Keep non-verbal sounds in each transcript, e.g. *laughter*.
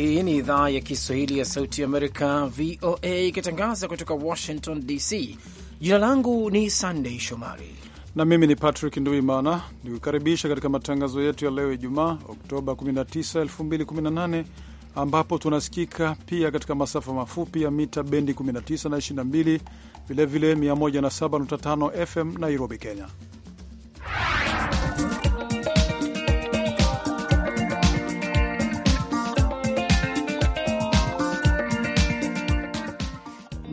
Hii ni idhaa ya Kiswahili ya Sauti ya Amerika, VOA, ikitangaza kutoka Washington DC. Jina langu ni Sandei Shomari na mimi ni Patrick Nduimana, nikukaribisha katika matangazo yetu ya leo Ijumaa, Oktoba 19, 2018 ambapo tunasikika pia katika masafa mafupi ya mita bendi 19 na 22, vilevile 107.5 FM Nairobi, Kenya.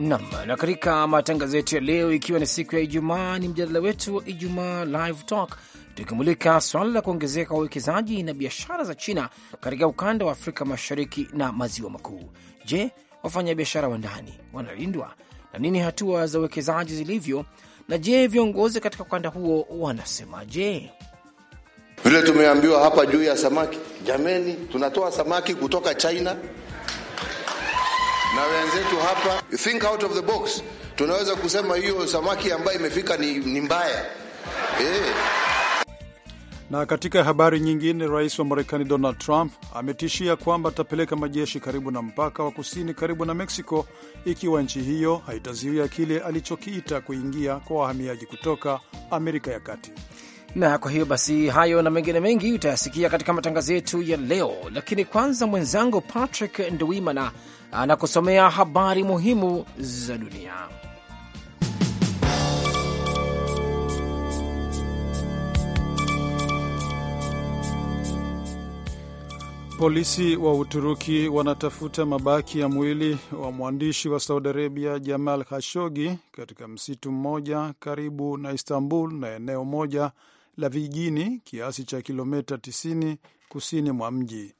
Nam. Na katika matangazo yetu ya leo, ikiwa ni siku ya Ijumaa, ni mjadala wetu wa Ijumaa Live Talk, tukimulika swala la kuongezeka kwa uwekezaji na biashara za China katika ukanda wa Afrika Mashariki na Maziwa Makuu. Je, wafanyabiashara wa ndani wanalindwa na nini hatua za uwekezaji zilivyo? Na je, viongozi katika ukanda huo wanasemaje? Vile tumeambiwa hapa juu ya samaki, jameni, tunatoa samaki kutoka China na wenzetu hapa, think out of the box. Tunaweza kusema hiyo samaki ambayo imefika ni, ni mbaya eh. Na katika habari nyingine, rais wa Marekani Donald Trump ametishia kwamba atapeleka majeshi karibu na mpaka wa kusini karibu na Mexico ikiwa nchi hiyo haitazuia kile alichokiita kuingia kwa wahamiaji kutoka Amerika ya Kati. Na kwa hiyo basi, hayo na mengine mengi utayasikia katika matangazo yetu ya leo, lakini kwanza mwenzangu Patrick Ndwimana anakusomea habari muhimu za dunia. Polisi wa Uturuki wanatafuta mabaki ya mwili wa mwandishi wa Saudi Arabia Jamal Khashoggi katika msitu mmoja karibu na Istanbul na eneo moja la vijijini kiasi cha kilomita 90 kusini mwa mji.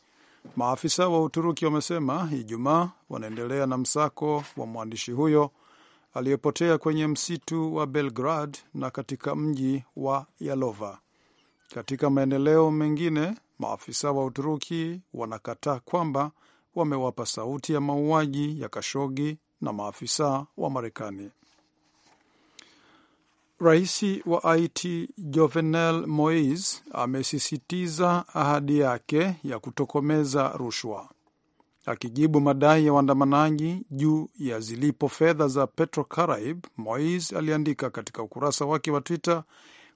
Maafisa wa Uturuki wamesema Ijumaa wanaendelea na msako wa mwandishi huyo aliyepotea kwenye msitu wa Belgrad na katika mji wa Yalova. Katika maendeleo mengine, maafisa wa Uturuki wanakataa kwamba wamewapa sauti ya mauaji ya Kashogi na maafisa wa Marekani. Rais wa Haiti Jovenel Moise amesisitiza ahadi yake ya kutokomeza rushwa. Akijibu madai ya waandamanaji juu ya zilipo fedha za Petrocaribe, Moise aliandika katika ukurasa wake wa Twitter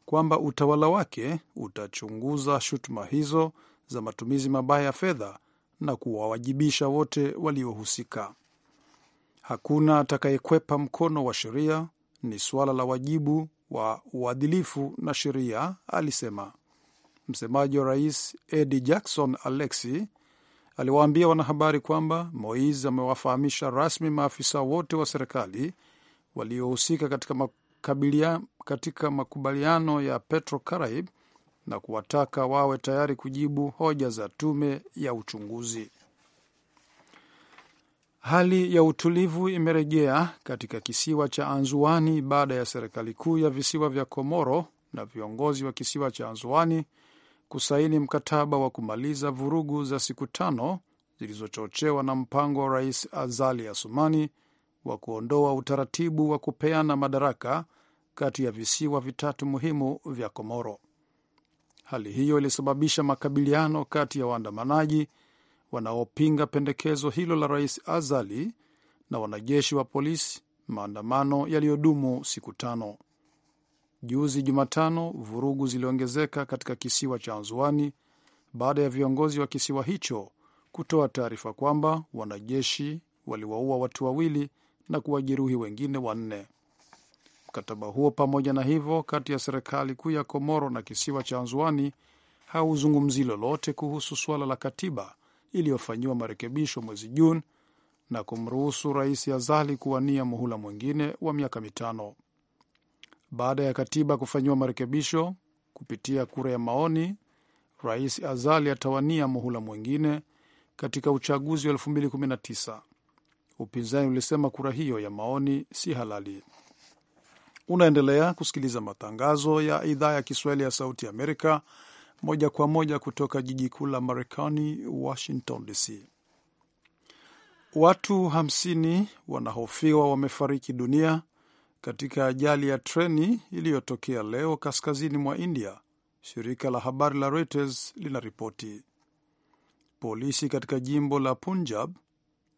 kwamba utawala wake utachunguza shutuma hizo za matumizi mabaya ya fedha na kuwawajibisha wote waliohusika. Hakuna atakayekwepa mkono wa sheria ni suala la wajibu wa uadilifu na sheria, alisema. Msemaji wa rais Eddie Jackson Alexi aliwaambia wanahabari kwamba mois amewafahamisha rasmi maafisa wote wa serikali waliohusika katika katika makubaliano ya Petro caraib na kuwataka wawe tayari kujibu hoja za tume ya uchunguzi. Hali ya utulivu imerejea katika kisiwa cha Anzuani baada ya serikali kuu ya visiwa vya Komoro na viongozi wa kisiwa cha Anzuani kusaini mkataba wa kumaliza vurugu za siku tano zilizochochewa na mpango wa Rais Azali Asumani wa kuondoa utaratibu wa kupeana madaraka kati ya visiwa vitatu muhimu vya Komoro. Hali hiyo ilisababisha makabiliano kati ya waandamanaji wanaopinga pendekezo hilo la Rais Azali na wanajeshi wa polisi, maandamano yaliyodumu siku tano. Juzi Jumatano, vurugu ziliongezeka katika kisiwa cha Anzuani baada ya viongozi wa kisiwa hicho kutoa taarifa kwamba wanajeshi waliwaua watu wawili na kuwajeruhi wengine wanne. Mkataba huo pamoja na hivyo kati ya serikali kuu ya Komoro na kisiwa cha Anzuani hauzungumzi lolote kuhusu suala la katiba iliyofanyiwa marekebisho mwezi Juni na kumruhusu Rais Azali kuwania muhula mwingine wa miaka mitano. Baada ya katiba kufanyiwa marekebisho kupitia kura ya maoni, Rais Azali atawania muhula mwingine katika uchaguzi wa 2019. Upinzani ulisema kura hiyo ya maoni si halali. Unaendelea kusikiliza matangazo ya idhaa ya Kiswahili ya Sauti Amerika moja kwa moja kutoka jiji kuu la Marekani, Washington DC. Watu hamsini wanahofiwa wamefariki dunia katika ajali ya treni iliyotokea leo kaskazini mwa India, shirika la habari la Reuters linaripoti. Polisi katika jimbo la Punjab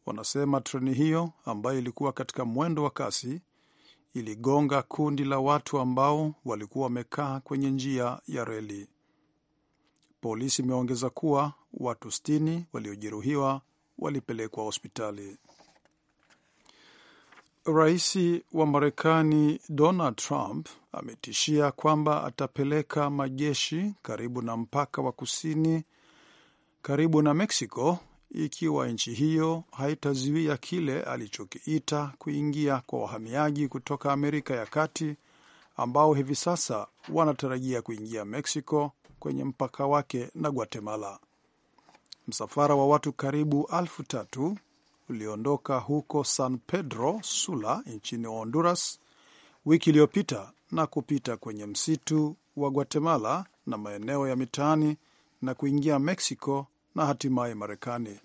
wanasema treni hiyo ambayo ilikuwa katika mwendo wa kasi iligonga kundi la watu ambao walikuwa wamekaa kwenye njia ya reli. Polisi imeongeza kuwa watu 60 waliojeruhiwa walipelekwa hospitali. Rais wa Marekani Donald Trump ametishia kwamba atapeleka majeshi karibu na mpaka wa kusini karibu na Mexico ikiwa nchi hiyo haitazuia kile alichokiita kuingia kwa wahamiaji kutoka Amerika ya Kati ambao hivi sasa wanatarajia kuingia Mexico kwenye mpaka wake na Guatemala. Msafara wa watu karibu elfu tatu uliondoka huko San Pedro Sula nchini Honduras wiki iliyopita na kupita kwenye msitu wa Guatemala na maeneo ya mitaani na kuingia Mexico na hatimaye Marekani.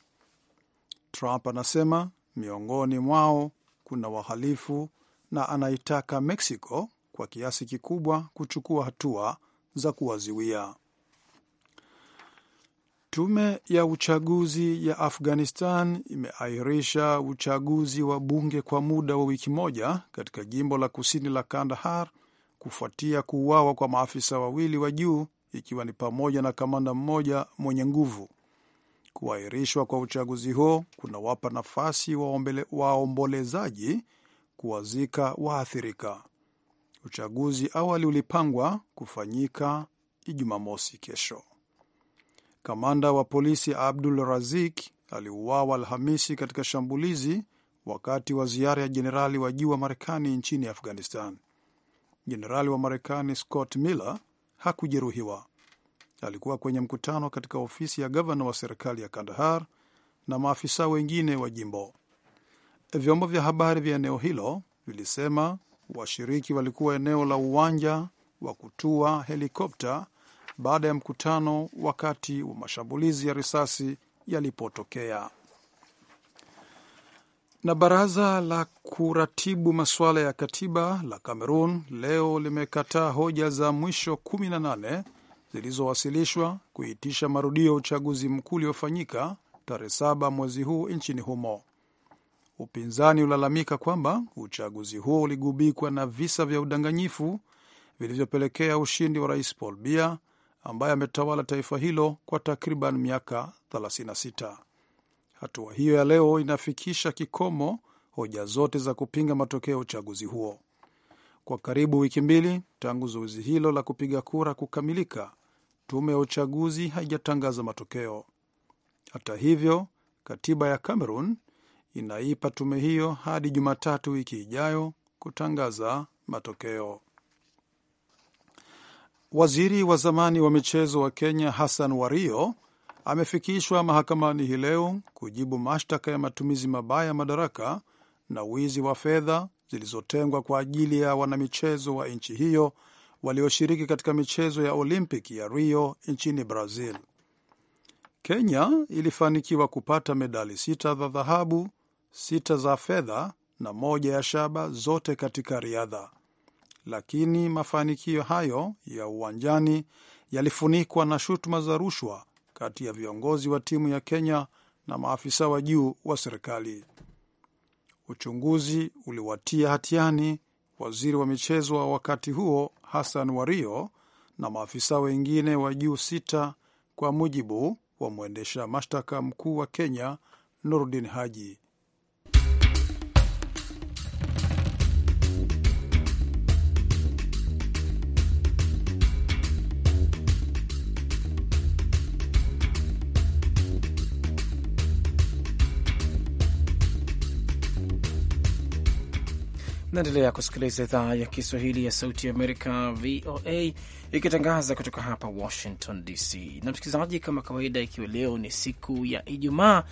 Trump anasema miongoni mwao kuna wahalifu na anaitaka Mexico kwa kiasi kikubwa kuchukua hatua za kuwaziwia. Tume ya uchaguzi ya Afghanistan imeahirisha uchaguzi wa bunge kwa muda wa wiki moja katika jimbo la kusini la Kandahar kufuatia kuuawa kwa maafisa wawili wa juu ikiwa ni pamoja na kamanda mmoja mwenye nguvu. Kuahirishwa kwa uchaguzi huo kunawapa nafasi waombolezaji wa kuwazika waathirika. Uchaguzi awali ulipangwa kufanyika Ijumamosi kesho. Kamanda wa polisi Abdul Razik aliuawa Alhamisi katika shambulizi wakati wa ziara ya jenerali wa juu wa Marekani nchini Afghanistan. Jenerali wa Marekani Scott Miller hakujeruhiwa. Alikuwa kwenye mkutano katika ofisi ya gavana wa serikali ya Kandahar na maafisa wengine wa jimbo. Vyombo vya habari vya eneo hilo vilisema washiriki walikuwa eneo la uwanja wa kutua helikopta baada ya mkutano wakati wa mashambulizi ya risasi yalipotokea. Na baraza la kuratibu masuala ya katiba la cameron leo limekataa hoja za mwisho 18 zilizowasilishwa kuitisha marudio ya uchaguzi mkuu uliofanyika tarehe saba mwezi huu nchini humo. Upinzani ulalamika kwamba uchaguzi huo uligubikwa na visa vya udanganyifu vilivyopelekea ushindi wa rais Paul bia ambaye ametawala taifa hilo kwa takriban miaka 36. Hatua hiyo ya leo inafikisha kikomo hoja zote za kupinga matokeo ya uchaguzi huo. Kwa karibu wiki mbili tangu zoezi hilo la kupiga kura kukamilika, tume ya uchaguzi haijatangaza matokeo. Hata hivyo, katiba ya Cameroon inaipa tume hiyo hadi Jumatatu wiki ijayo kutangaza matokeo. Waziri wa zamani wa michezo wa Kenya Hassan Wario amefikishwa mahakamani hii leo kujibu mashtaka ya matumizi mabaya ya madaraka na wizi wa fedha zilizotengwa kwa ajili ya wanamichezo wa nchi hiyo walioshiriki katika michezo ya Olimpiki ya Rio nchini Brazil. Kenya ilifanikiwa kupata medali sita za dhahabu, sita za fedha na moja ya shaba, zote katika riadha lakini mafanikio hayo ya uwanjani yalifunikwa na shutuma za rushwa kati ya viongozi wa timu ya Kenya na maafisa wa juu wa serikali. Uchunguzi uliwatia hatiani waziri wa michezo wa wakati huo Hassan Wario na maafisa wengine wa juu sita, kwa mujibu wa mwendesha mashtaka mkuu wa Kenya Nurdin Haji. Naendelea kusikiliza idhaa ya Kiswahili ya Sauti ya Amerika, VOA, ikitangaza kutoka hapa Washington DC. Na msikilizaji, kama kawaida, ikiwa leo ni siku ya Ijumaa,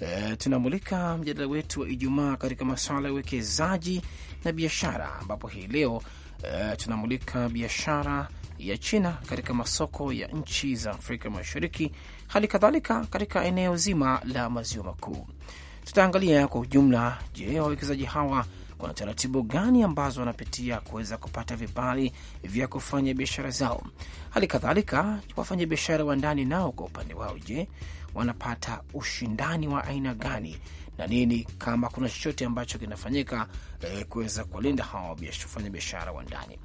e, tunamulika mjadala wetu wa Ijumaa katika masuala ya uwekezaji na biashara, ambapo hii leo e, tunamulika biashara ya China katika masoko ya nchi za Afrika Mashariki, hali kadhalika katika eneo zima la Maziwa Makuu. Tutaangalia kwa ujumla, je, wawekezaji hawa kuna taratibu gani ambazo wanapitia kuweza kupata vibali vya kufanya biashara zao. Hali kadhalika wafanya biashara wa ndani nao kwa upande wao, je, wanapata ushindani wa aina gani na nini, kama kuna chochote ambacho kinafanyika eh, kuweza kuwalinda hawa wafanya biashara wa ndani.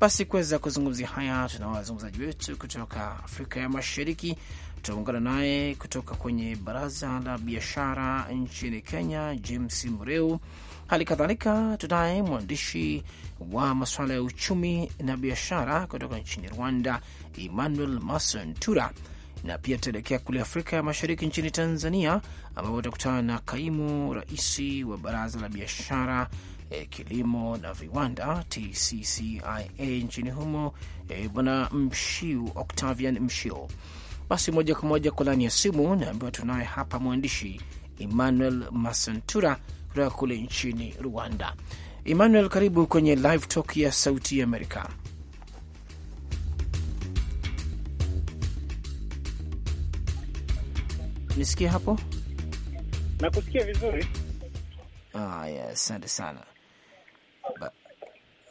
Basi kuweza kuzungumzia haya, tuna wazungumzaji wetu kutoka Afrika ya Mashariki. Tutaungana naye kutoka kwenye baraza la biashara nchini Kenya, James Mreu. Hali kadhalika tunaye mwandishi wa masuala ya uchumi na biashara kutoka nchini Rwanda, Emmanuel Masentura, na pia tutaelekea kule Afrika ya Mashariki, nchini Tanzania, ambapo utakutana na kaimu rais wa Baraza la Biashara, E, Kilimo na Viwanda, TCCIA, nchini humo, e, Bwana Mshiu, Octavian Mshiu. Basi moja kwa moja kwa laini ya simu naambiwa tunaye hapa mwandishi Emmanuel Masentura kutoka kule nchini Rwanda. Emmanuel, karibu kwenye Live Talk ya Sauti ya Amerika. Nisikia hapo? Nakusikia vizuri. Haya, asante yes, sana ba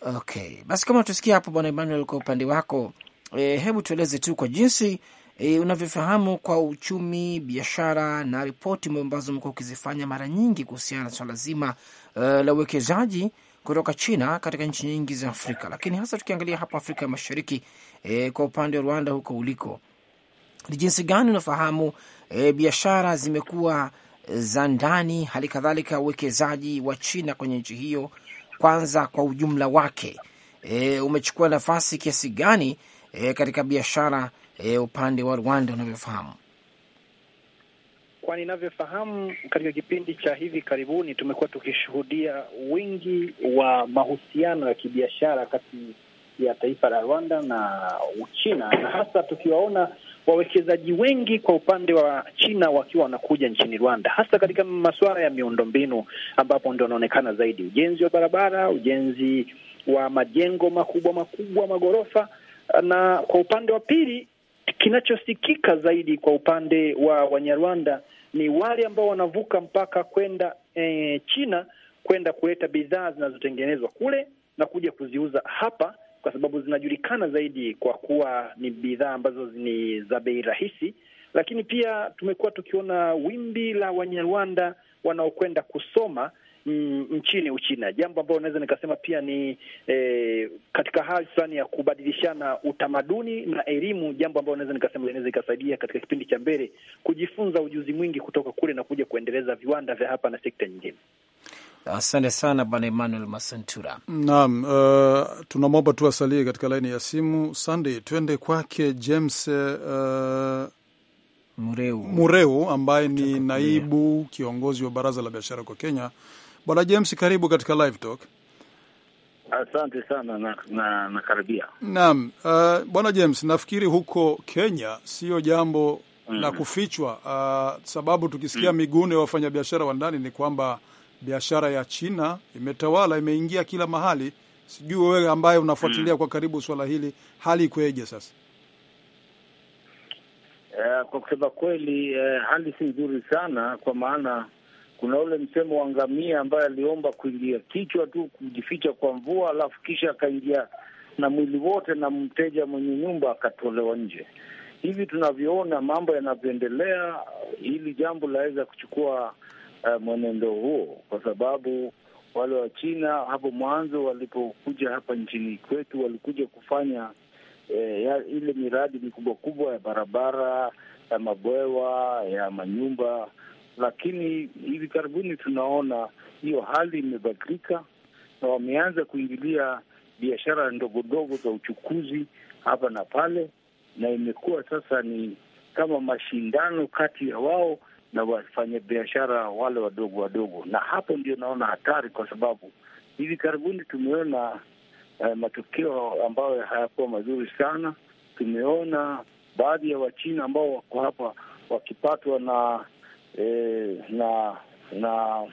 okay, basi kama tusikia hapo Bwana Emmanuel, kwa upande wako e, hebu tueleze tu kwa jinsi e, unavyofahamu kwa uchumi, biashara na ripoti ambazo umekuwa ukizifanya mara nyingi kuhusiana na swala zima uh, la uwekezaji kutoka China katika nchi nyingi za Afrika, lakini hasa tukiangalia hapa Afrika ya Mashariki e, kwa upande wa Rwanda huko uliko, ni jinsi gani unafahamu e, biashara zimekuwa za ndani, hali kadhalika uwekezaji wa China kwenye nchi hiyo, kwanza kwa ujumla wake e, umechukua nafasi kiasi gani e, katika biashara e, upande wa Rwanda unavyofahamu? Kwa ninavyofahamu, katika kipindi cha hivi karibuni tumekuwa tukishuhudia wingi wa mahusiano ya kibiashara kati ya taifa la Rwanda na Uchina, na hasa tukiwaona wawekezaji wengi kwa upande wa China wakiwa wanakuja nchini Rwanda, hasa katika masuala ya miundombinu, ambapo ndio wanaonekana zaidi: ujenzi wa barabara, ujenzi wa majengo makubwa makubwa, maghorofa, na kwa upande wa pili Kinachosikika zaidi kwa upande wa Wanyarwanda ni wale ambao wanavuka mpaka kwenda e, China kwenda kuleta bidhaa zinazotengenezwa kule na kuja kuziuza hapa, kwa sababu zinajulikana zaidi kwa kuwa ni bidhaa ambazo ni za bei rahisi. Lakini pia tumekuwa tukiona wimbi la Wanyarwanda wanaokwenda kusoma Mm, nchini Uchina, jambo ambalo naweza nikasema pia ni eh, katika hali fulani ya kubadilishana utamaduni na elimu, jambo ambalo naweza nikasema linaweza ikasaidia katika kipindi cha mbele kujifunza ujuzi mwingi kutoka kule na kuja kuendeleza viwanda vya hapa na sekta nyingine. Asante sana Bwana Emmanuel Masantura. Naam, uh, tunamwomba tu asalie katika laini ya simu. Sunday, twende kwake James uh, Mureu, Mureu ambaye ni naibu kiongozi wa baraza la biashara kwa Kenya Bwana James, karibu katika live talk. Asante sana na, na, na karibia. Naam, uh, bwana James, nafikiri huko Kenya sio jambo mm la kufichwa uh, sababu tukisikia mm migune ya wafanyabiashara wa ndani ni kwamba biashara ya China imetawala, imeingia kila mahali. Sijui wewe ambaye unafuatilia mm. kwa karibu swala hili, hali ikweje sasa? Uh, kwa kusema kweli, uh, hali si nzuri sana, kwa maana kuna ule msemo wa ngamia ambaye aliomba kuingia kichwa tu kujificha kwa mvua, alafu kisha akaingia na mwili wote, na mteja mwenye nyumba akatolewa nje. Hivi tunavyoona mambo yanavyoendelea, hili jambo linaweza kuchukua uh, mwenendo huo, kwa sababu wale wa China hapo mwanzo walipokuja hapa nchini kwetu walikuja kufanya eh, ya, ile miradi mikubwa kubwa ya barabara ya mabwewa ya manyumba lakini hivi karibuni tunaona hiyo hali imebadilika na wameanza kuingilia biashara ndogo ndogo za uchukuzi hapa na pale, na imekuwa sasa ni kama mashindano kati ya wao na wafanyabiashara wale wadogo wadogo, na hapo ndio naona hatari, kwa sababu hivi karibuni tumeona eh, matukio ambayo hayakuwa mazuri sana. Tumeona baadhi ya Wachina ambao wako hapa wakipatwa na eh, na na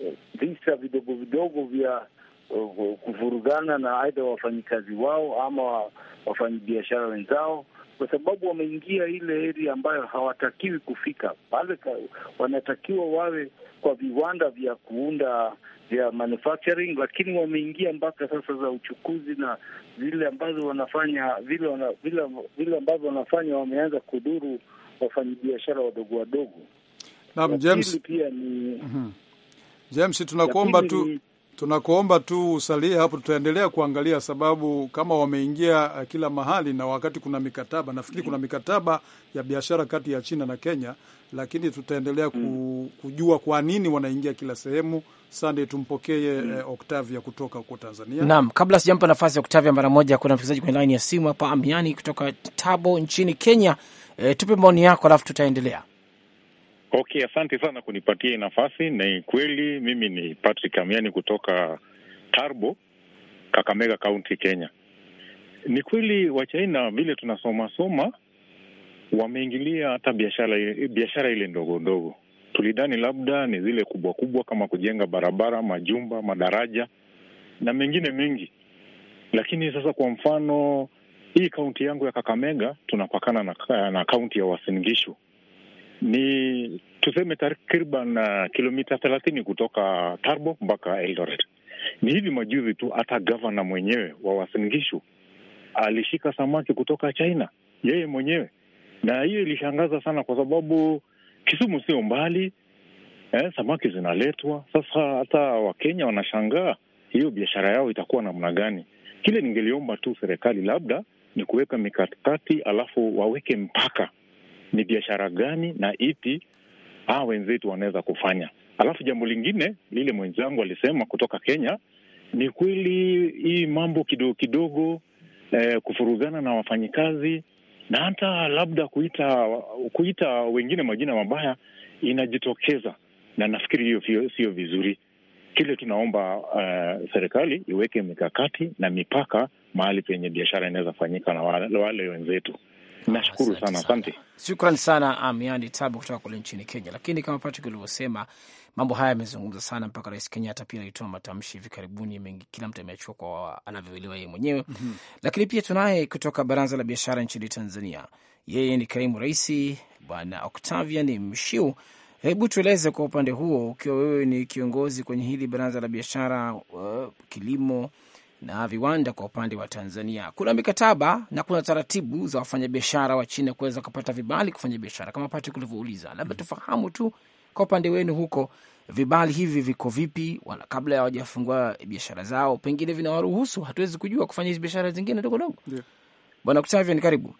eh, visa vidogo vidogo vya uh, kuvurugana na aidha wafanyikazi wao ama wafanyabiashara wenzao, kwa sababu wameingia ile area ambayo hawatakiwi kufika pale. Wanatakiwa wawe kwa viwanda vya kuunda vya manufacturing, lakini wameingia mpaka sasa za uchukuzi na zile ambazo wanafanya vile wana, vile ambavyo wanafanya wameanza kuduru wafanyabiashara wadogo wadogo na James pia ni mhm. James, tunakuomba tu ni... tunakuomba tu usalie hapo, tutaendelea kuangalia sababu kama wameingia eh, kila mahali, na wakati kuna mikataba nafikiri, mm. kuna mikataba ya biashara kati ya China na Kenya, lakini tutaendelea mm. kujua kwa nini wanaingia kila sehemu. Sunday, tumpokee eh, mm. eh, Octavia kutoka huko Tanzania. Naam, kabla sijampa nafasi ya Octavia mara moja, kuna msikilizaji kwenye line ya simu hapa, Amiani kutoka Tabo nchini Kenya. Eh, tupe maoni yako alafu tutaendelea Okay, asante sana kunipatia nafasi. Ni kweli mimi ni Patrick Amiani kutoka Tarbo, Kakamega kaunti Kenya. Ni kweli Wachaina vile tunasomasoma wameingilia hata biashara biashara ile ndogo ndogo. Tulidhani labda ni zile kubwa kubwa kama kujenga barabara, majumba, madaraja na mengine mengi, lakini sasa, kwa mfano, hii kaunti yangu ya Kakamega tunapakana na kaunti ya Wasingishu ni tuseme takriban uh, kilomita thelathini kutoka Tarbo mpaka Eldoret. Ni hivi majuzi tu hata gavana mwenyewe wa wasingishu alishika samaki kutoka China yeye mwenyewe, na hiyo ilishangaza sana kwa sababu Kisumu sio mbali eh, samaki zinaletwa. Sasa hata Wakenya wanashangaa hiyo biashara yao itakuwa namna gani? Kile ningeliomba tu serikali labda ni kuweka mikakati, alafu waweke mpaka ni biashara gani na ipi hawa wenzetu wanaweza kufanya. Alafu jambo lingine lile mwenzangu alisema kutoka Kenya ni kweli, hii mambo kidogo kidogo eh, kufurugana na wafanyikazi na hata labda kuita kuita wengine majina mabaya inajitokeza, na nafikiri hiyo sio vizuri. Kile tunaomba uh, serikali iweke mikakati na mipaka mahali penye biashara inaweza fanyika na wale, wale wenzetu. Nashukuru sana, asante. Shukran sana Amiani Tabu kutoka kule nchini Kenya. Lakini kama Patrick ulivyosema, mambo haya yamezungumza sana, mpaka Rais Kenyatta pia alitoa matamshi hivi karibuni mengi, kila mtu ameachua kwa anavyoelewa yeye mwenyewe mm -hmm. Lakini pia tunaye kutoka Baraza la Biashara nchini Tanzania, yeye ni kaimu rais Bwana Octavian Mshiu. Hebu tueleze kwa upande huo, ukiwa wewe ni kiongozi kwenye hili baraza la biashara, uh, kilimo na viwanda kwa upande wa Tanzania. Kuna mikataba na kuna taratibu za wafanyabiashara wa China kuweza kupata vibali kufanya biashara kama Patrick ulivyouliza, labda mm-hmm. tufahamu tu kwa upande wenu huko vibali hivi viko vipi? Wala kabla ya wajafungua biashara zao, pengine vinawaruhusu, hatuwezi kujua kufanya hizi biashara zingine ndogo ndogo. Yeah. Bwana Kutavyo, ni karibu.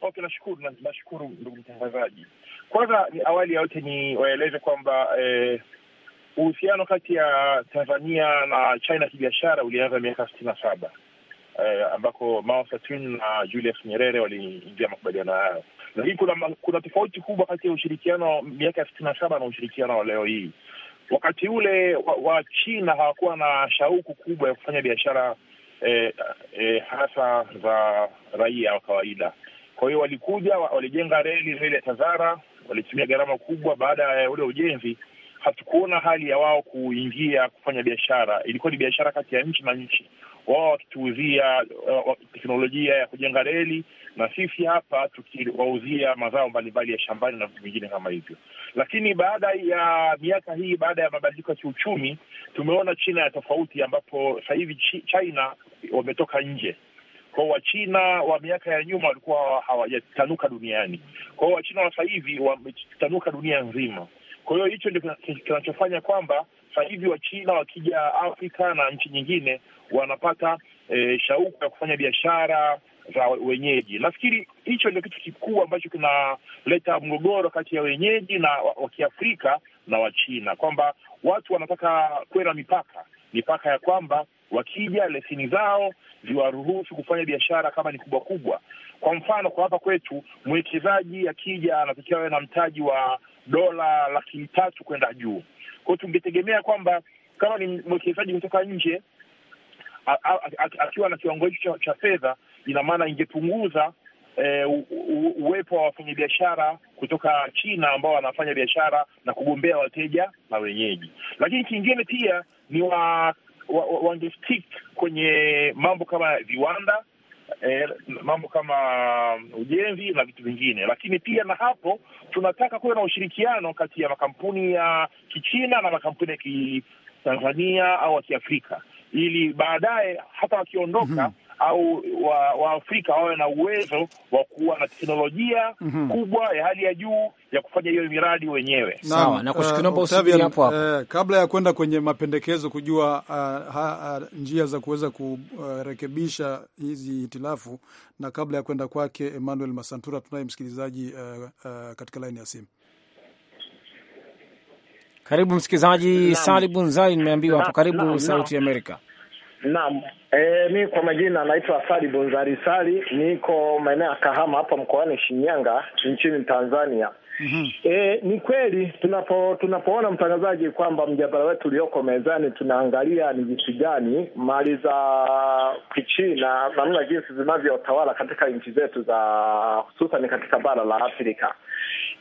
Okay, nashukuru nashukuru ndugu mtangazaji. Kwanza ni awali ya yote ni waeleze kwamba eh, Uhusiano kati ya Tanzania na China kibiashara ulianza miaka sitini na saba eh, ambako Mao na Julius Nyerere waliingia makubaliano hayo, lakini kuna, kuna tofauti kubwa kati ya ushirikiano miaka ya sitini na saba na ushirikiano wa leo hii. Wakati ule wa, wa China hawakuwa na shauku kubwa ya kufanya biashara eh, eh, hasa za raia wa kawaida. Kwa hiyo walikuja, walijenga reli, reli ya Tazara, walitumia gharama kubwa. Baada ya ule ujenzi hatukuona hali ya wao kuingia kufanya biashara. Ilikuwa ni biashara kati ya nchi na nchi, wao wakituuzia uh, teknolojia ya kujenga reli na sisi hapa tukiwauzia mazao mbalimbali ya shambani na vitu vingine kama hivyo. Lakini baada ya miaka hii, baada ya mabadiliko ya kiuchumi, tumeona China ya tofauti, ambapo sasa hivi China wametoka nje kwa Wachina wa miaka ya nyuma walikuwa hawajatanuka duniani. kwao Wachina wa sasa hivi wametanuka dunia nzima. Kwa hiyo hicho ndio kinachofanya kwamba sasa hivi Wachina wakija Afrika na nchi nyingine wanapata e, shauku ya kufanya biashara za wenyeji. Nafikiri hicho ndio kitu kikubwa ambacho kinaleta mgogoro kati ya wenyeji na wa Kiafrika na Wachina, kwamba watu wanataka kuwe na mipaka mipaka ya kwamba wakija lesini zao ziwaruhusu kufanya biashara kama ni kubwa kubwa. Kwa mfano, kwa hapa kwetu mwekezaji akija anatakiwa awe na mtaji wa dola laki tatu kwenda juu. Kwa hiyo tungetegemea kwamba kama ni mwekezaji kutoka nje akiwa na kiwango hicho cha, cha fedha, ina maana ingepunguza e, uwepo wa wafanyabiashara kutoka China ambao wanafanya biashara na kugombea wateja na wenyeji. Lakini kingine pia ni wa, wa, wa, wangestik kwenye mambo kama viwanda eh, mambo kama um, ujenzi na vitu vingine, lakini pia na hapo tunataka kuwe na ushirikiano kati ya makampuni ya Kichina na makampuni ya Kitanzania au ya Kiafrika ili baadaye hata wakiondoka mm -hmm au Waafrika wa wawe na uwezo wa kuwa na teknolojia mm -hmm. kubwa ya hali ya juu ya kufanya hiyo miradi wenyewe. Sawa, na uh, uh, Kabla ya kwenda kwenye mapendekezo kujua uh, ha, uh, njia za kuweza kurekebisha hizi hitilafu, na kabla ya kwenda kwake Emmanuel Masantura, tunaye msikilizaji uh, uh, katika laini ya simu. Karibu msikilizaji Sali Bunzali, nimeambiwa hapo. Karibu Sauti ya Amerika. Naam, e, mi kwa majina naitwa Sali Bunzari Sali, niko maeneo ya Kahama hapa mkoani Shinyanga nchini Tanzania. mm -hmm. E, ni kweli tunapo tunapoona mtangazaji kwamba mjadala wetu ulioko mezani tunaangalia ni jinsi gani mali za Kichina namna jinsi zinavyotawala katika nchi zetu za hususan katika bara la Afrika.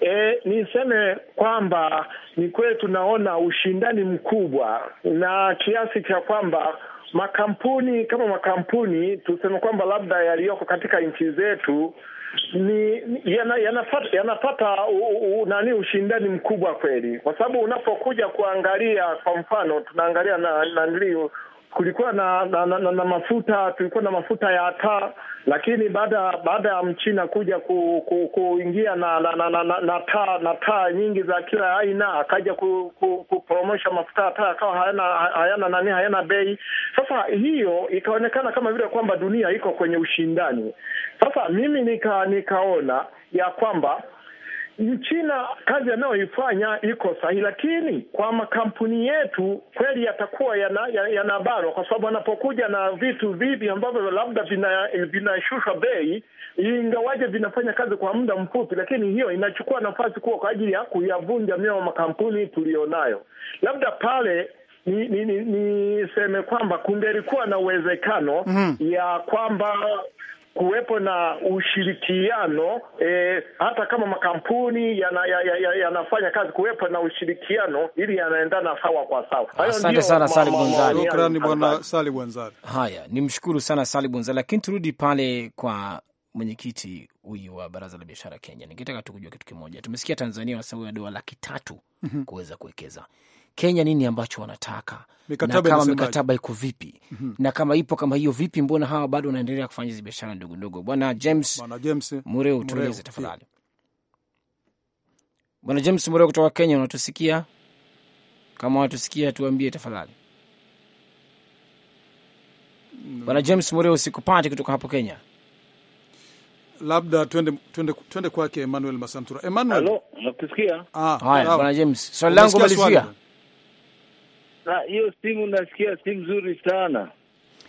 E, niseme kwamba ni kweli tunaona ushindani mkubwa na kiasi cha kwamba makampuni kama makampuni tuseme kwamba labda yaliyoko katika nchi zetu ni yanapata yana nani ushindani mkubwa kweli, kwa sababu unapokuja kuangalia, kwa mfano tunaangalia na na kulikuwa na na, na, na na mafuta tulikuwa na mafuta ya taa, lakini baada baada ya mchina kuja ku, ku, kuingia na na, na, na, na, taa na taa nyingi za kila aina, akaja ku, ku, kupromosha mafuta ya taa akawa hayana hayana nani hayana bei. Sasa hiyo ikaonekana kama vile kwamba dunia iko kwenye ushindani. Sasa mimi nika nikaona ya kwamba Mchina kazi anayoifanya iko sahihi, lakini kwa makampuni yetu kweli yatakuwa yanabanwa, yana kwa sababu anapokuja na vitu vipi ambavyo labda vinashushwa vina bei, ingawaje vinafanya kazi kwa muda mfupi, lakini hiyo inachukua nafasi kuwa kwa ajili ya kuyavunja mioyo makampuni tuliyonayo. Labda pale niseme ni, ni, ni kwamba kungelikuwa na uwezekano mm -hmm. ya kwamba kuwepo na ushirikiano e, hata kama makampuni yanafanya ya, ya, ya, ya kazi, kuwepo na ushirikiano ili yanaendana sawa kwa sawa. Asante sana Sali Bunzali, shukrani bwana Sali Bunzali. Haya, ni mshukuru sana Sali Bunzali, lakini turudi pale kwa mwenyekiti huyu wa baraza la biashara Kenya. Ningetaka tu kujua kitu kimoja. Tumesikia Tanzania wanasema dola laki tatu mhm. kuweza kuwekeza Kenya nini ambacho wanataka mikataba na kama mikataba iko vipi? mm -hmm. na kama ipo kama hiyo vipi, mbona hawa bado wanaendelea kufanya hizi biashara ndogo ndogo? Bwana James, James Mureu, tueleze tafadhali. Bwana James Mureu kutoka Kenya, unatusikia? Kama unatusikia tuambie tafadhali. Mm. Bwana James Mureu, sikupati kutoka hapo Kenya. Labda twende twende twende kwake Emmanuel Masantura. Emmanuel, nakusikia. Ah, haya Bwana James, swali langu malizia sasa hiyo simu nasikia si mzuri sana.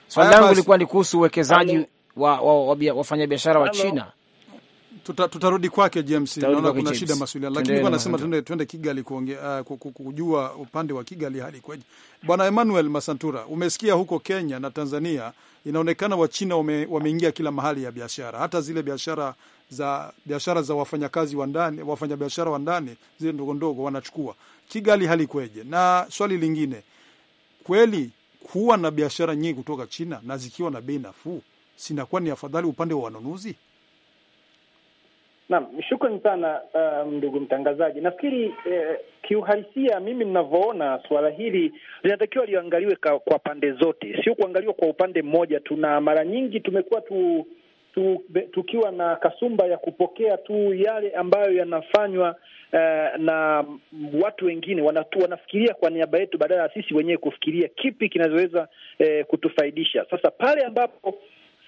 Swali langu lilikuwa ni kuhusu uwekezaji wa wafanyabiashara wa, wa, wa, wa China. Tuta, tutarudi kwake JMC, naona kuna shida masuala, lakini anasema tuende tuende Kigali kuongea uh, kujua upande wa Kigali hali kweje. Bwana Emmanuel Masantura, umesikia huko Kenya na Tanzania inaonekana Wachina wameingia kila mahali ya biashara, hata zile biashara za biashara za wafanyakazi wa ndani, wafanyabiashara wa ndani zile ndogo ndogo wanachukua. Kigali halikweje? Na swali lingine, kweli kuwa na biashara nyingi kutoka China na zikiwa na bei nafuu, sinakuwa ni afadhali upande wa wanunuzi? Naam, shukrani sana uh, ndugu mtangazaji. Nafikiri eh, kiuhalisia mimi mnavyoona suala hili linatakiwa liangaliwe kwa pande zote, sio kuangaliwa kwa upande mmoja tu, na mara nyingi tumekuwa tu, tukiwa na kasumba ya kupokea tu yale ambayo yanafanywa uh, na watu wengine wanatu, wanafikiria kwa niaba yetu badala ya sisi wenyewe kufikiria kipi kinachoweza uh, eh, kutufaidisha. Sasa pale ambapo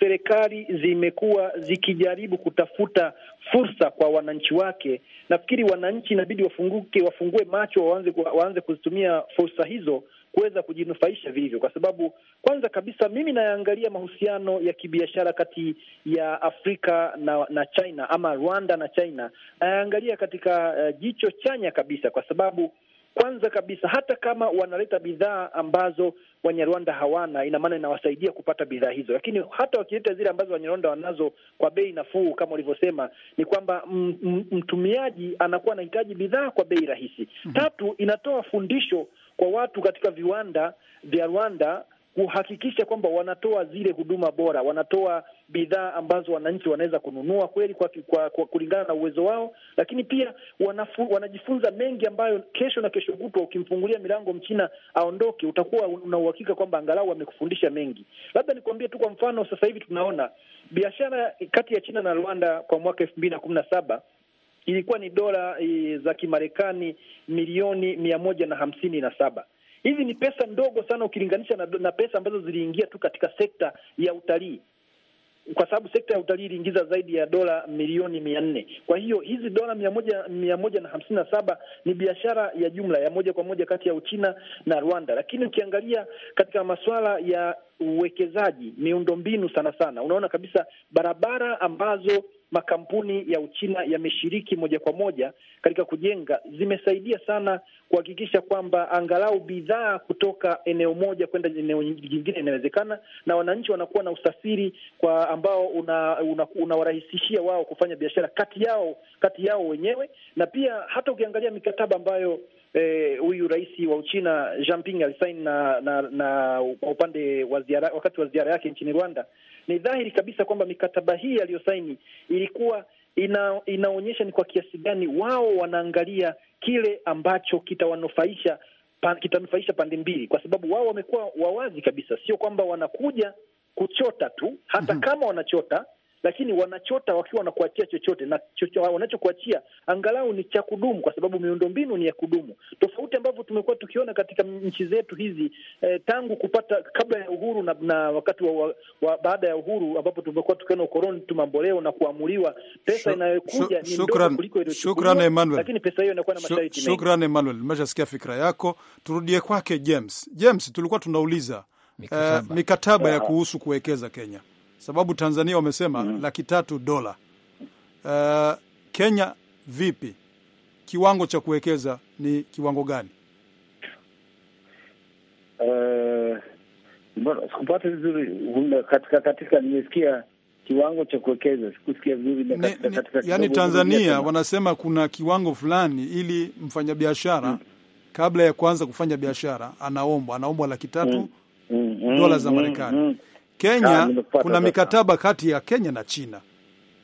serikali zimekuwa zikijaribu kutafuta fursa kwa wananchi wake, nafikiri wananchi inabidi wafunguke, wafungue macho, waanze waanze kuzitumia fursa hizo kuweza kujinufaisha vilivyo, kwa sababu kwanza kabisa mimi nayaangalia mahusiano ya kibiashara kati ya Afrika na, na China ama Rwanda na China nayaangalia katika uh, jicho chanya kabisa, kwa sababu kwanza kabisa hata kama wanaleta bidhaa ambazo Wanyarwanda hawana, ina maana inawasaidia kupata bidhaa hizo, lakini hata wakileta zile ambazo Wanyarwanda wanazo kwa bei nafuu, kama ulivyosema, ni kwamba mm, mm, mtumiaji anakuwa anahitaji bidhaa kwa bei rahisi. mm -hmm. Tatu, inatoa fundisho kwa watu katika viwanda vya Rwanda kuhakikisha kwamba wanatoa zile huduma bora, wanatoa bidhaa ambazo wananchi wanaweza kununua kweli kwa, kwa, kwa kulingana na uwezo wao, lakini pia wanafu, wanajifunza mengi ambayo kesho na kesho kutwa ukimfungulia milango Mchina aondoke, utakuwa una uhakika kwamba angalau wamekufundisha mengi. Labda nikuambie tu kwa mfano, sasa hivi tunaona biashara kati ya China na Rwanda kwa mwaka elfu mbili na kumi na saba ilikuwa ni dola eh, za Kimarekani milioni mia moja na hamsini na saba. Hizi ni pesa ndogo sana ukilinganisha na, na pesa ambazo ziliingia tu katika sekta ya utalii, kwa sababu sekta ya utalii iliingiza zaidi ya dola milioni mia nne. Kwa hiyo hizi dola mia moja mia moja na hamsini na saba ni biashara ya jumla ya moja kwa moja kati ya Uchina na Rwanda, lakini ukiangalia katika masuala ya uwekezaji miundombinu, sana sana unaona kabisa barabara ambazo makampuni ya Uchina yameshiriki moja kwa moja katika kujenga, zimesaidia sana kuhakikisha kwamba angalau bidhaa kutoka eneo moja kwenda eneo jingine inawezekana, na wananchi wanakuwa na usafiri kwa ambao unawarahisishia una, una wao kufanya biashara kati yao kati yao wenyewe, na pia hata ukiangalia mikataba ambayo E, huyu e, rais wa Uchina Jinping alisaini na na, na upande wa ziara, wakati wa ziara yake nchini Rwanda, ni dhahiri kabisa kwamba mikataba hii aliyosaini ilikuwa ina, inaonyesha ni kwa kiasi gani wao wanaangalia kile ambacho kitawanufaisha kitanufaisha pande mbili, kwa sababu wao wamekuwa wawazi kabisa, sio kwamba wanakuja kuchota tu, hata mm -hmm. kama wanachota lakini wanachota wakiwa wanakuachia chochote na chocho, wanachokuachia angalau ni cha kudumu, kwa sababu miundombinu ni ya kudumu, tofauti ambavyo tumekuwa tukiona katika nchi zetu hizi eh, tangu kupata kabla ya uhuru na, na wakati wa, wa, wa baada ya uhuru ambapo tumekuwa tukiona ukoloni tumamboleo na kuamuliwa pesa inayokuja ni ndogo kuliko iliyochukuliwa, lakini pesa hiyo inakuwa na masharti. Shukran Emmanuel, nimeshasikia fikra yako, turudie kwake James. James, tulikuwa tunauliza mikataba, uh, mikataba ya ah. kuhusu kuwekeza Kenya sababu Tanzania wamesema mm -hmm. laki tatu dola. Uh, Kenya vipi? Kiwango cha kuwekeza ni kiwango gani? Uh, vizuri katika katika, nimesikia kiwango cha kuwekeza sikusikia vizuri katika, ni, katika, katika, yaani Tanzania wanasema kuna kiwango fulani ili mfanyabiashara mm. kabla ya kuanza kufanya biashara anaombwa anaombwa laki tatu mm. mm. mm. dola za mm. Marekani mm. Kenya Kaa, kuna mikataba kati ya Kenya na China,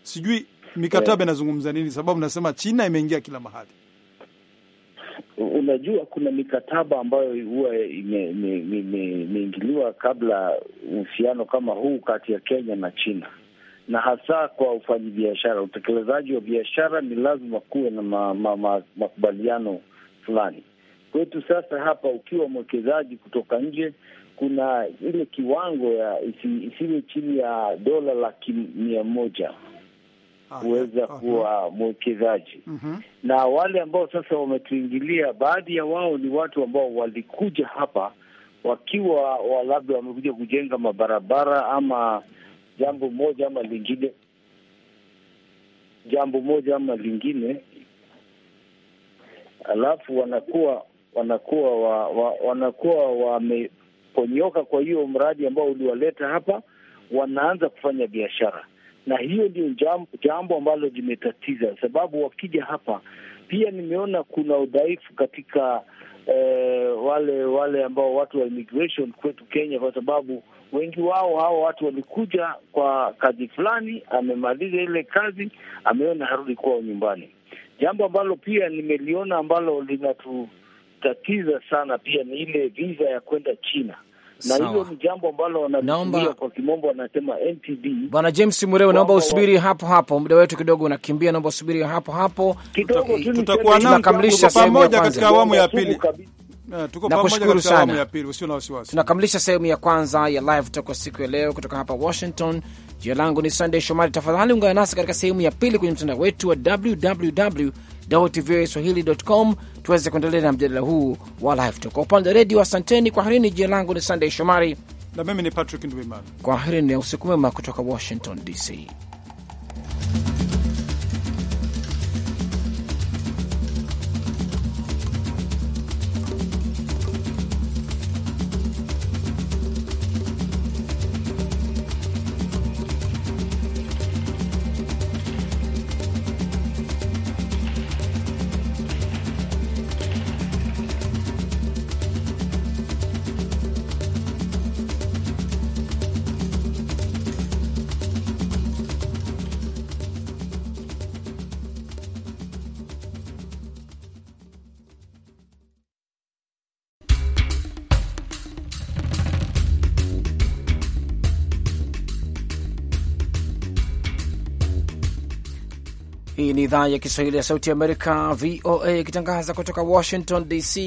sijui mikataba eh. inazungumza nini, sababu nasema China imeingia kila mahali. Unajua, kuna mikataba ambayo huwa imeingiliwa kabla uhusiano kama huu kati ya Kenya na China, na hasa kwa biashara, utekelezaji wa biashara, ni lazima kuwe na ma, ma, ma, makubaliano fulani kwetu. Sasa hapa, ukiwa mwekezaji kutoka nje kuna ile kiwango ya isiwe chini ya dola laki mia moja kuweza okay. kuwa mwekezaji mm -hmm. Na wale ambao sasa wametuingilia, baadhi ya wao ni watu ambao walikuja hapa wakiwa labda wamekuja kujenga mabarabara ama jambo moja ama lingine, jambo moja ama lingine, alafu wanakuwa wanakuwa wa, wa, wanakuwa wame kuponyoka kwa hiyo mradi ambao uliwaleta hapa, wanaanza kufanya biashara, na hiyo ndio jambo, jambo ambalo limetatiza, sababu wakija hapa pia nimeona kuna udhaifu katika eh, wale wale ambao watu wa immigration kwetu Kenya, kwa sababu wengi wao hao watu walikuja kwa kazi fulani, amemaliza ile kazi, ameona harudi kwao nyumbani. Jambo ambalo pia nimeliona ambalo linatutatiza sana pia ni ile visa ya kwenda China na hilo ni jambo ambalo naomba... kwa kimombo wanasema NTD. Bwana James Mureo, naomba usubiri hapo hapo, muda wetu kidogo unakimbia, naomba usubiri hapo hapo, tutakuwa nao pamoja katika awamu ya pili. Eh, Nakushukuru sana, tunakamilisha sehemu ya kwanza ya live toka siku ya leo kutoka hapa Washington. Jina langu ni Sunday Shomari, tafadhali ungana nasi katika sehemu ya pili kwenye mtandao wetu wa www voaswahili.com tuweze kuendelea na mjadala huu wa Live Talk. Kwa upande wa redio, asanteni, kwa harini. Jina langu ni Sandey Shomari na mimi ni Patrick Ndwimana. harini ya usiku mwema kutoka Washington DC. Hii ni idhaa ya Kiswahili ya Sauti Amerika, VOA, ikitangaza kutoka Washington DC.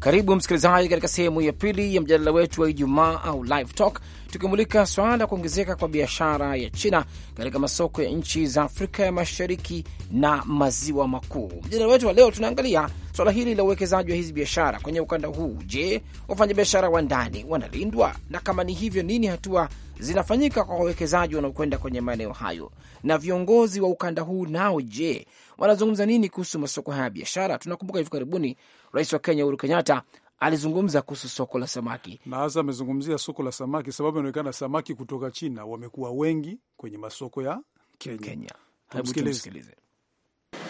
Karibu msikilizaji, katika sehemu ya pili ya mjadala wetu wa Ijumaa au Live Talk, tukimulika swala la kuongezeka kwa biashara ya China katika masoko ya nchi za Afrika ya Mashariki na Maziwa Makuu. Mjadala wetu wa leo tunaangalia swala hili la uwekezaji wa hizi biashara kwenye ukanda huu. Je, wafanyabiashara wa ndani wanalindwa, na kama ni hivyo, nini hatua zinafanyika kwa wawekezaji wanaokwenda kwenye maeneo hayo, na viongozi wa ukanda huu nao, je, wanazungumza nini kuhusu masoko haya ya biashara? Tunakumbuka hivi karibuni rais wa Kenya Uhuru Kenyatta alizungumza kuhusu soko la samaki na hasa amezungumzia soko la samaki, sababu inaonekana samaki kutoka China wamekuwa wengi kwenye masoko ya Kenya, Kenya. Tumsikilize.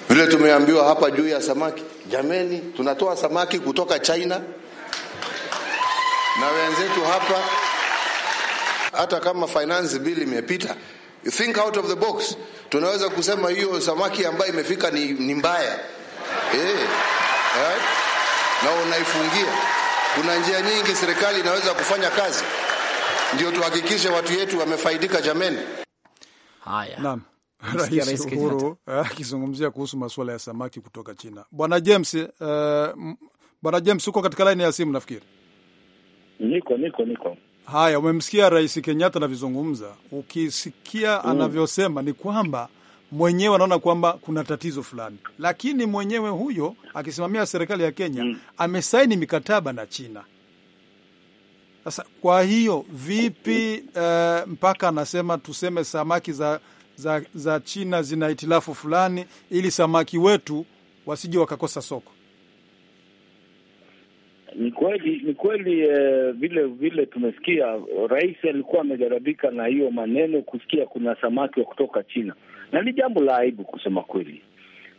Vile tumeambiwa hapa juu ya samaki, jameni, tunatoa samaki kutoka China na wenzetu hapa hata kama finance bill imepita, you think out of the box. Tunaweza kusema hiyo samaki ambayo imefika ni, ni mbaya eh, right? na unaifungia. Kuna njia nyingi serikali inaweza kufanya kazi, ndio tuhakikishe watu yetu wamefaidika. Jameni, haya naam. Rais Uhuru eh, akizungumzia kuhusu masuala ya samaki kutoka China. Bwana James, uh, Bwana James uko katika laini ya simu nafikiri. Niko niko niko. Haya, umemsikia Rais Kenyatta anavyozungumza. Ukisikia mm. anavyosema ni kwamba mwenyewe anaona kwamba kuna tatizo fulani, lakini mwenyewe huyo akisimamia serikali ya Kenya mm, amesaini mikataba na China. Sasa kwa hiyo vipi, uh, mpaka anasema tuseme samaki za, za, za China zina hitilafu fulani ili samaki wetu wasije wakakosa soko? Ni kweli ni kweli eh, vile vile tumesikia rais alikuwa amejaribika na hiyo maneno kusikia kuna samaki wa kutoka China, na ni jambo la aibu kusema kweli,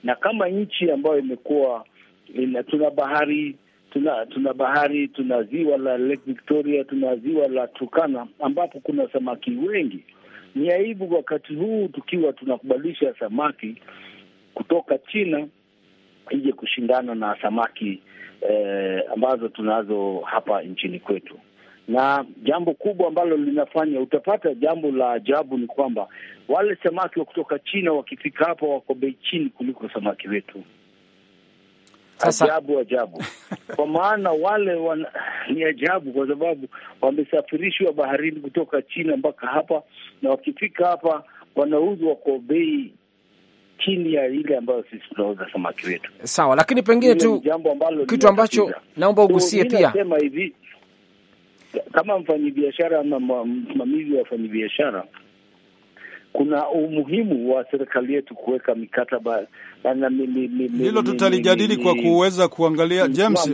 na kama nchi ambayo imekuwa tuna bahari tuna tuna bahari tuna ziwa la Lake Victoria, tuna ziwa la Turkana ambapo kuna samaki wengi. Ni aibu wakati huu tukiwa tunakubalisha samaki kutoka China ije kushindana na samaki eh, ambazo tunazo hapa nchini kwetu. Na jambo kubwa ambalo linafanya utapata jambo la ajabu ni kwamba wale samaki wa kutoka China wakifika hapa wako bei chini kuliko samaki wetu. Ajabu, ajabu *laughs* kwa maana wale wana, ni ajabu kwa sababu wamesafirishwa baharini kutoka China mpaka hapa, na wakifika hapa wanauzwa kwa bei chini ya ile ambayo sisi tunauza samaki wetu. Sawa, lakini pengine tu jambo ambalo kitu ambacho naomba ugusie pia, nasema hivi kama mfanyibiashara ama msimamizi wa wafanyabiashara, kuna umuhimu wa serikali yetu kuweka mikataba hilo tutalijadili kwa kuweza kuangalia mm, James,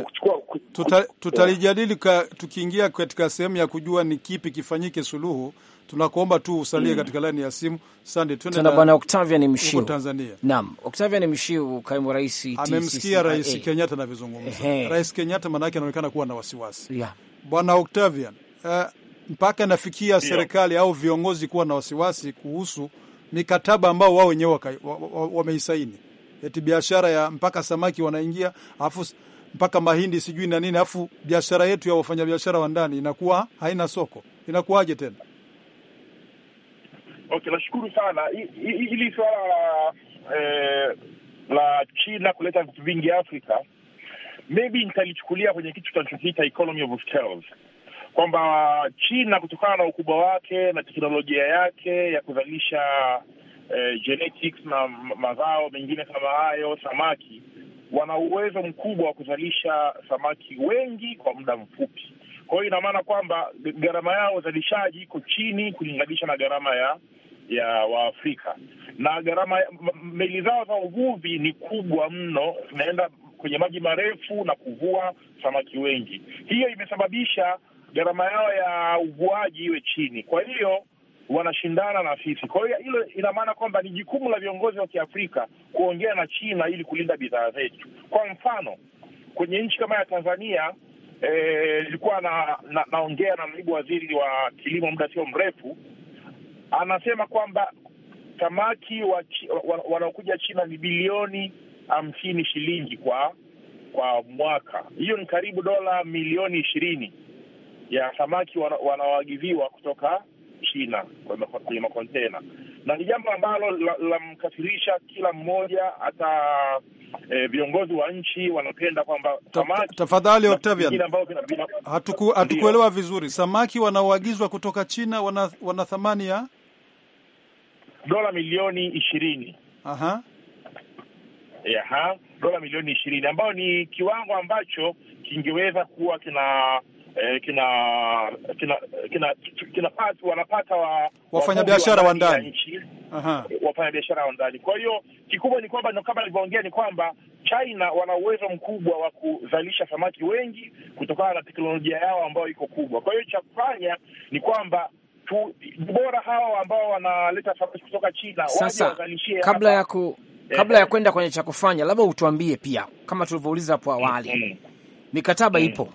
tuta, tutalijadili tukiingia katika sehemu ya kujua ni kipi kifanyike suluhu tunakuomba tu usalie mm. katika laini ya simu. Sande, twende na bwana Octavian Mshiu Tanzania. Naam, Octavian Mshiu, kaimu rais, amemsikia rais Kenyatta anavyozungumza. Rais Kenyatta manake anaonekana kuwa na wasiwasi yeah. Bwana Octavian, uh, eh, mpaka nafikia yeah. serikali au viongozi kuwa na wasiwasi kuhusu mikataba ambao wao wenyewe wameisaini wa, wa, wa eti biashara ya mpaka samaki wanaingia afu mpaka mahindi sijui na nini, afu biashara yetu ya wafanyabiashara wa ndani inakuwa haina soko, inakuwaje tena? Okay, nashukuru sana. Hili suala la eh, la China kuleta vitu vingi Afrika, maybe nitalichukulia kwenye kitu tunachokiita economy of scale, kwamba China kutokana na ukubwa wake na teknolojia yake ya kuzalisha eh, genetics na mazao mengine kama hayo, samaki, wana uwezo mkubwa wa kuzalisha samaki wengi kwa muda mfupi. Kwa hiyo ina maana kwamba gharama yao uzalishaji iko chini kulinganisha na gharama ya ya Waafrika, na gharama meli zao za uvuvi ni kubwa mno, zinaenda kwenye maji marefu na kuvua samaki wengi. Hiyo imesababisha gharama yao ya uvuaji iwe chini, kwa hiyo wanashindana na sisi. Kwa hiyo hilo ina maana kwamba ni jukumu la viongozi wa Kiafrika kuongea na China ili kulinda bidhaa zetu. Kwa mfano kwenye nchi kama ya Tanzania eh, nilikuwa eh, na, na, naongea na naibu waziri wa kilimo muda sio mrefu anasema kwamba samaki wanaokuja wa, wa China ni bilioni hamsini shilingi kwa kwa mwaka. Hiyo ni karibu dola milioni ishirini ya samaki wanaoagiziwa wana kutoka China kwenye makontena, na ni jambo ambalo lamkasirisha la kila mmoja, hata e, viongozi wa nchi wanapenda kwamba samaki. Tafadhali Octavian, hatukuelewa vizuri. Samaki wanaoagizwa kutoka China wana, wana thamani ya dola milioni ishirini aha. dola milioni ishirini ambayo ni kiwango ambacho kingeweza kuwa kina eh, kina kina kina, kina wanapata wa, wafanyabiashara wa ndani wafanyabiashara wa ndani. Kwa hiyo kikubwa ni kwamba kama alivyoongea ni kwamba China wana uwezo mkubwa wa kuzalisha samaki wengi kutokana na teknolojia yao ambayo iko kubwa. Kwa hiyo cha kufanya ni kwamba bora hawa ambao wanaleta samaki kutoka China waje wazalishie kabla ya ku, kabla ya kwenda kwenye cha kufanya, labda utuambie pia, kama tulivyouliza hapo awali mm-hmm. mikataba mm-hmm. ipo,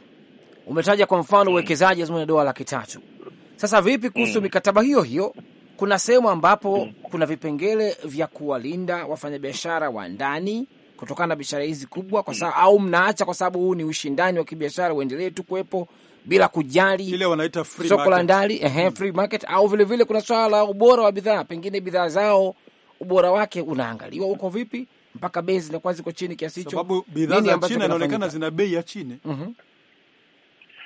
umetaja kwa mfano mm-hmm. uwekezaji lazima dola laki tatu. Sasa vipi kuhusu mikataba hiyo hiyo? Kuna sehemu ambapo kuna vipengele vya kuwalinda wafanyabiashara wa ndani kutokana na biashara hizi kubwa, kwa sababu au mnaacha kwa sababu huu ni ushindani wa kibiashara uendelee tu kuwepo bila kujali soko la ndani eh, free market au vile vile kuna swala la ubora wa bidhaa, pengine bidhaa zao ubora wake unaangaliwa uko vipi mpaka bei zinakuwa ziko chini kiasi hicho, sababu bidhaa za China inaonekana zina bei ya chini. Mm-hmm.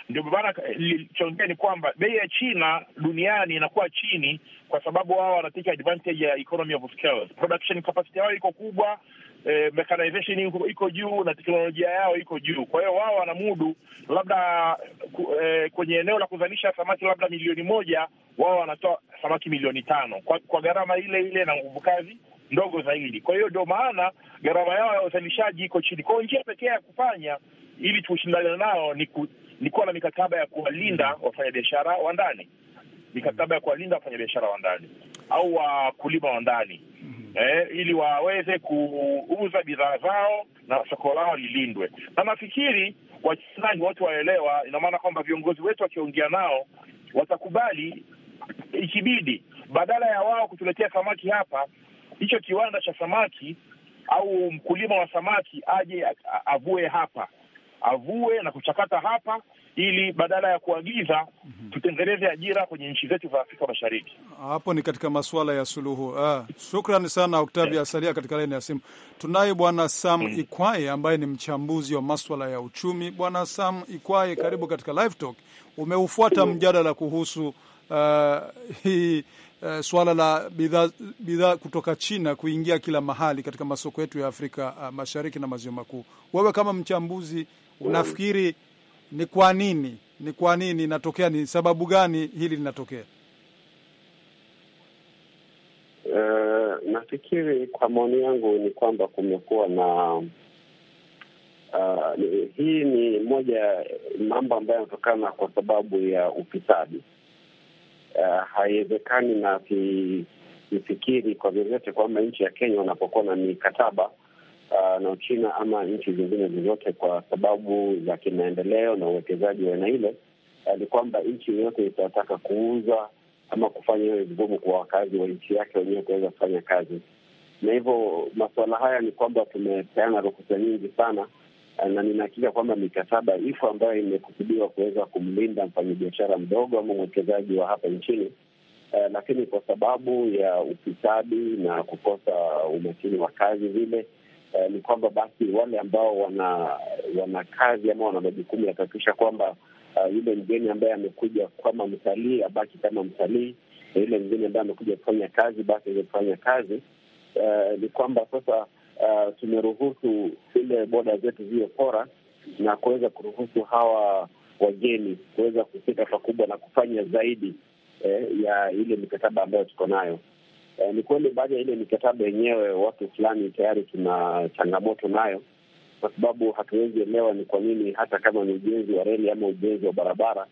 Ndio maana nilichoongea ni kwamba bei ya China duniani inakuwa chini kwa sababu wao wanatake advantage ya economy of scale. Production capacity yao iko kubwa, e, mechanization iko juu na teknolojia yao iko juu. Kwa hiyo wao wanamudu labda ku, e, kwenye eneo la kuzalisha samaki labda milioni moja, wao wanatoa samaki milioni tano kwa, kwa gharama ile ile na nguvu kazi ndogo zaidi. Kwa hiyo ndio maana gharama yao ya uzalishaji iko chini. Kwa hiyo njia pekee ya kufanya ili tushindane nao ni, ku, ni kuwa na mikataba ya kuwalinda wafanyabiashara wa ndani, mikataba ya kuwalinda wafanyabiashara wa ndani au wakulima wa ndani eh, ili waweze kuuza bidhaa zao na soko lao lilindwe. Na nafikiri wachezaji wote waelewa, ina maana kwamba viongozi wetu wakiongea nao watakubali, ikibidi badala ya wao kutuletea samaki hapa, hicho kiwanda cha samaki au mkulima wa samaki aje avue hapa, avue na kuchakata hapa ili badala ya kuagiza mm -hmm. tutengeneze ajira kwenye nchi zetu za Afrika Mashariki. Hapo ni katika masuala ya suluhu. Ah, shukrani sana Octavia, yeah. Salia katika laini ya simu tunaye bwana Sam mm -hmm. Ikwaye ambaye ni mchambuzi wa maswala ya uchumi. Bwana Sam Ikwaye, karibu katika Live Talk. Umeufuata mm. mjadala kuhusu uh, hii uh, swala la bidhaa bidhaa kutoka China kuingia kila mahali katika masoko yetu ya Afrika uh, Mashariki na maziwa makuu. Wewe kama mchambuzi mm. unafikiri ni kwa nini, ni kwa nini inatokea, ni sababu gani hili linatokea? Uh, nafikiri kwa maoni yangu ni kwamba kumekuwa na uh, ni, hii ni moja ya mambo ambayo yanatokana kwa sababu ya ufisadi. Uh, haiwezekani na sifikiri kwa vyovyote kwamba nchi ya Kenya wanapokuwa na mikataba uh, na Uchina ama nchi zingine zozote kwa sababu za kimaendeleo na uwekezaji wa aina ile, uh, ni kwamba nchi yoyote itataka kuuza ama kufanya hiyo vigumu kwa wakazi wa nchi yake wenyewe kuweza kufanya kazi. Na hivyo masuala haya ni kwamba tumepeana ruhusa nyingi sana, uh, na ninahakika kwamba mikataba ifu ambayo imekusudiwa kuweza kumlinda mfanyabiashara mdogo ama mwekezaji wa hapa nchini eh, lakini kwa sababu ya ufisadi na kukosa umakini wa kazi vile eh, ni kwamba basi wale ambao wana wana kazi ama wana majukumu ya kuhakikisha kwamba uh, yule mgeni ambaye amekuja kama mtalii abaki kama mtalii, na yule mgeni ambaye amekuja kufanya kazi basi aweze kufanya kazi. Uh, ni kwamba sasa uh, tumeruhusu zile boda zetu ziwe pora na kuweza kuruhusu hawa wageni kuweza kufika pakubwa na kufanya zaidi eh, ya ile mikataba ambayo tuko nayo. Eh, ni kweli baadhi ya ile mikataba yenyewe watu fulani tayari tuna changamoto nayo, kwa sababu hatuwezi elewa ni kwa nini hata kama ni ujenzi wa reli ama ujenzi wa barabara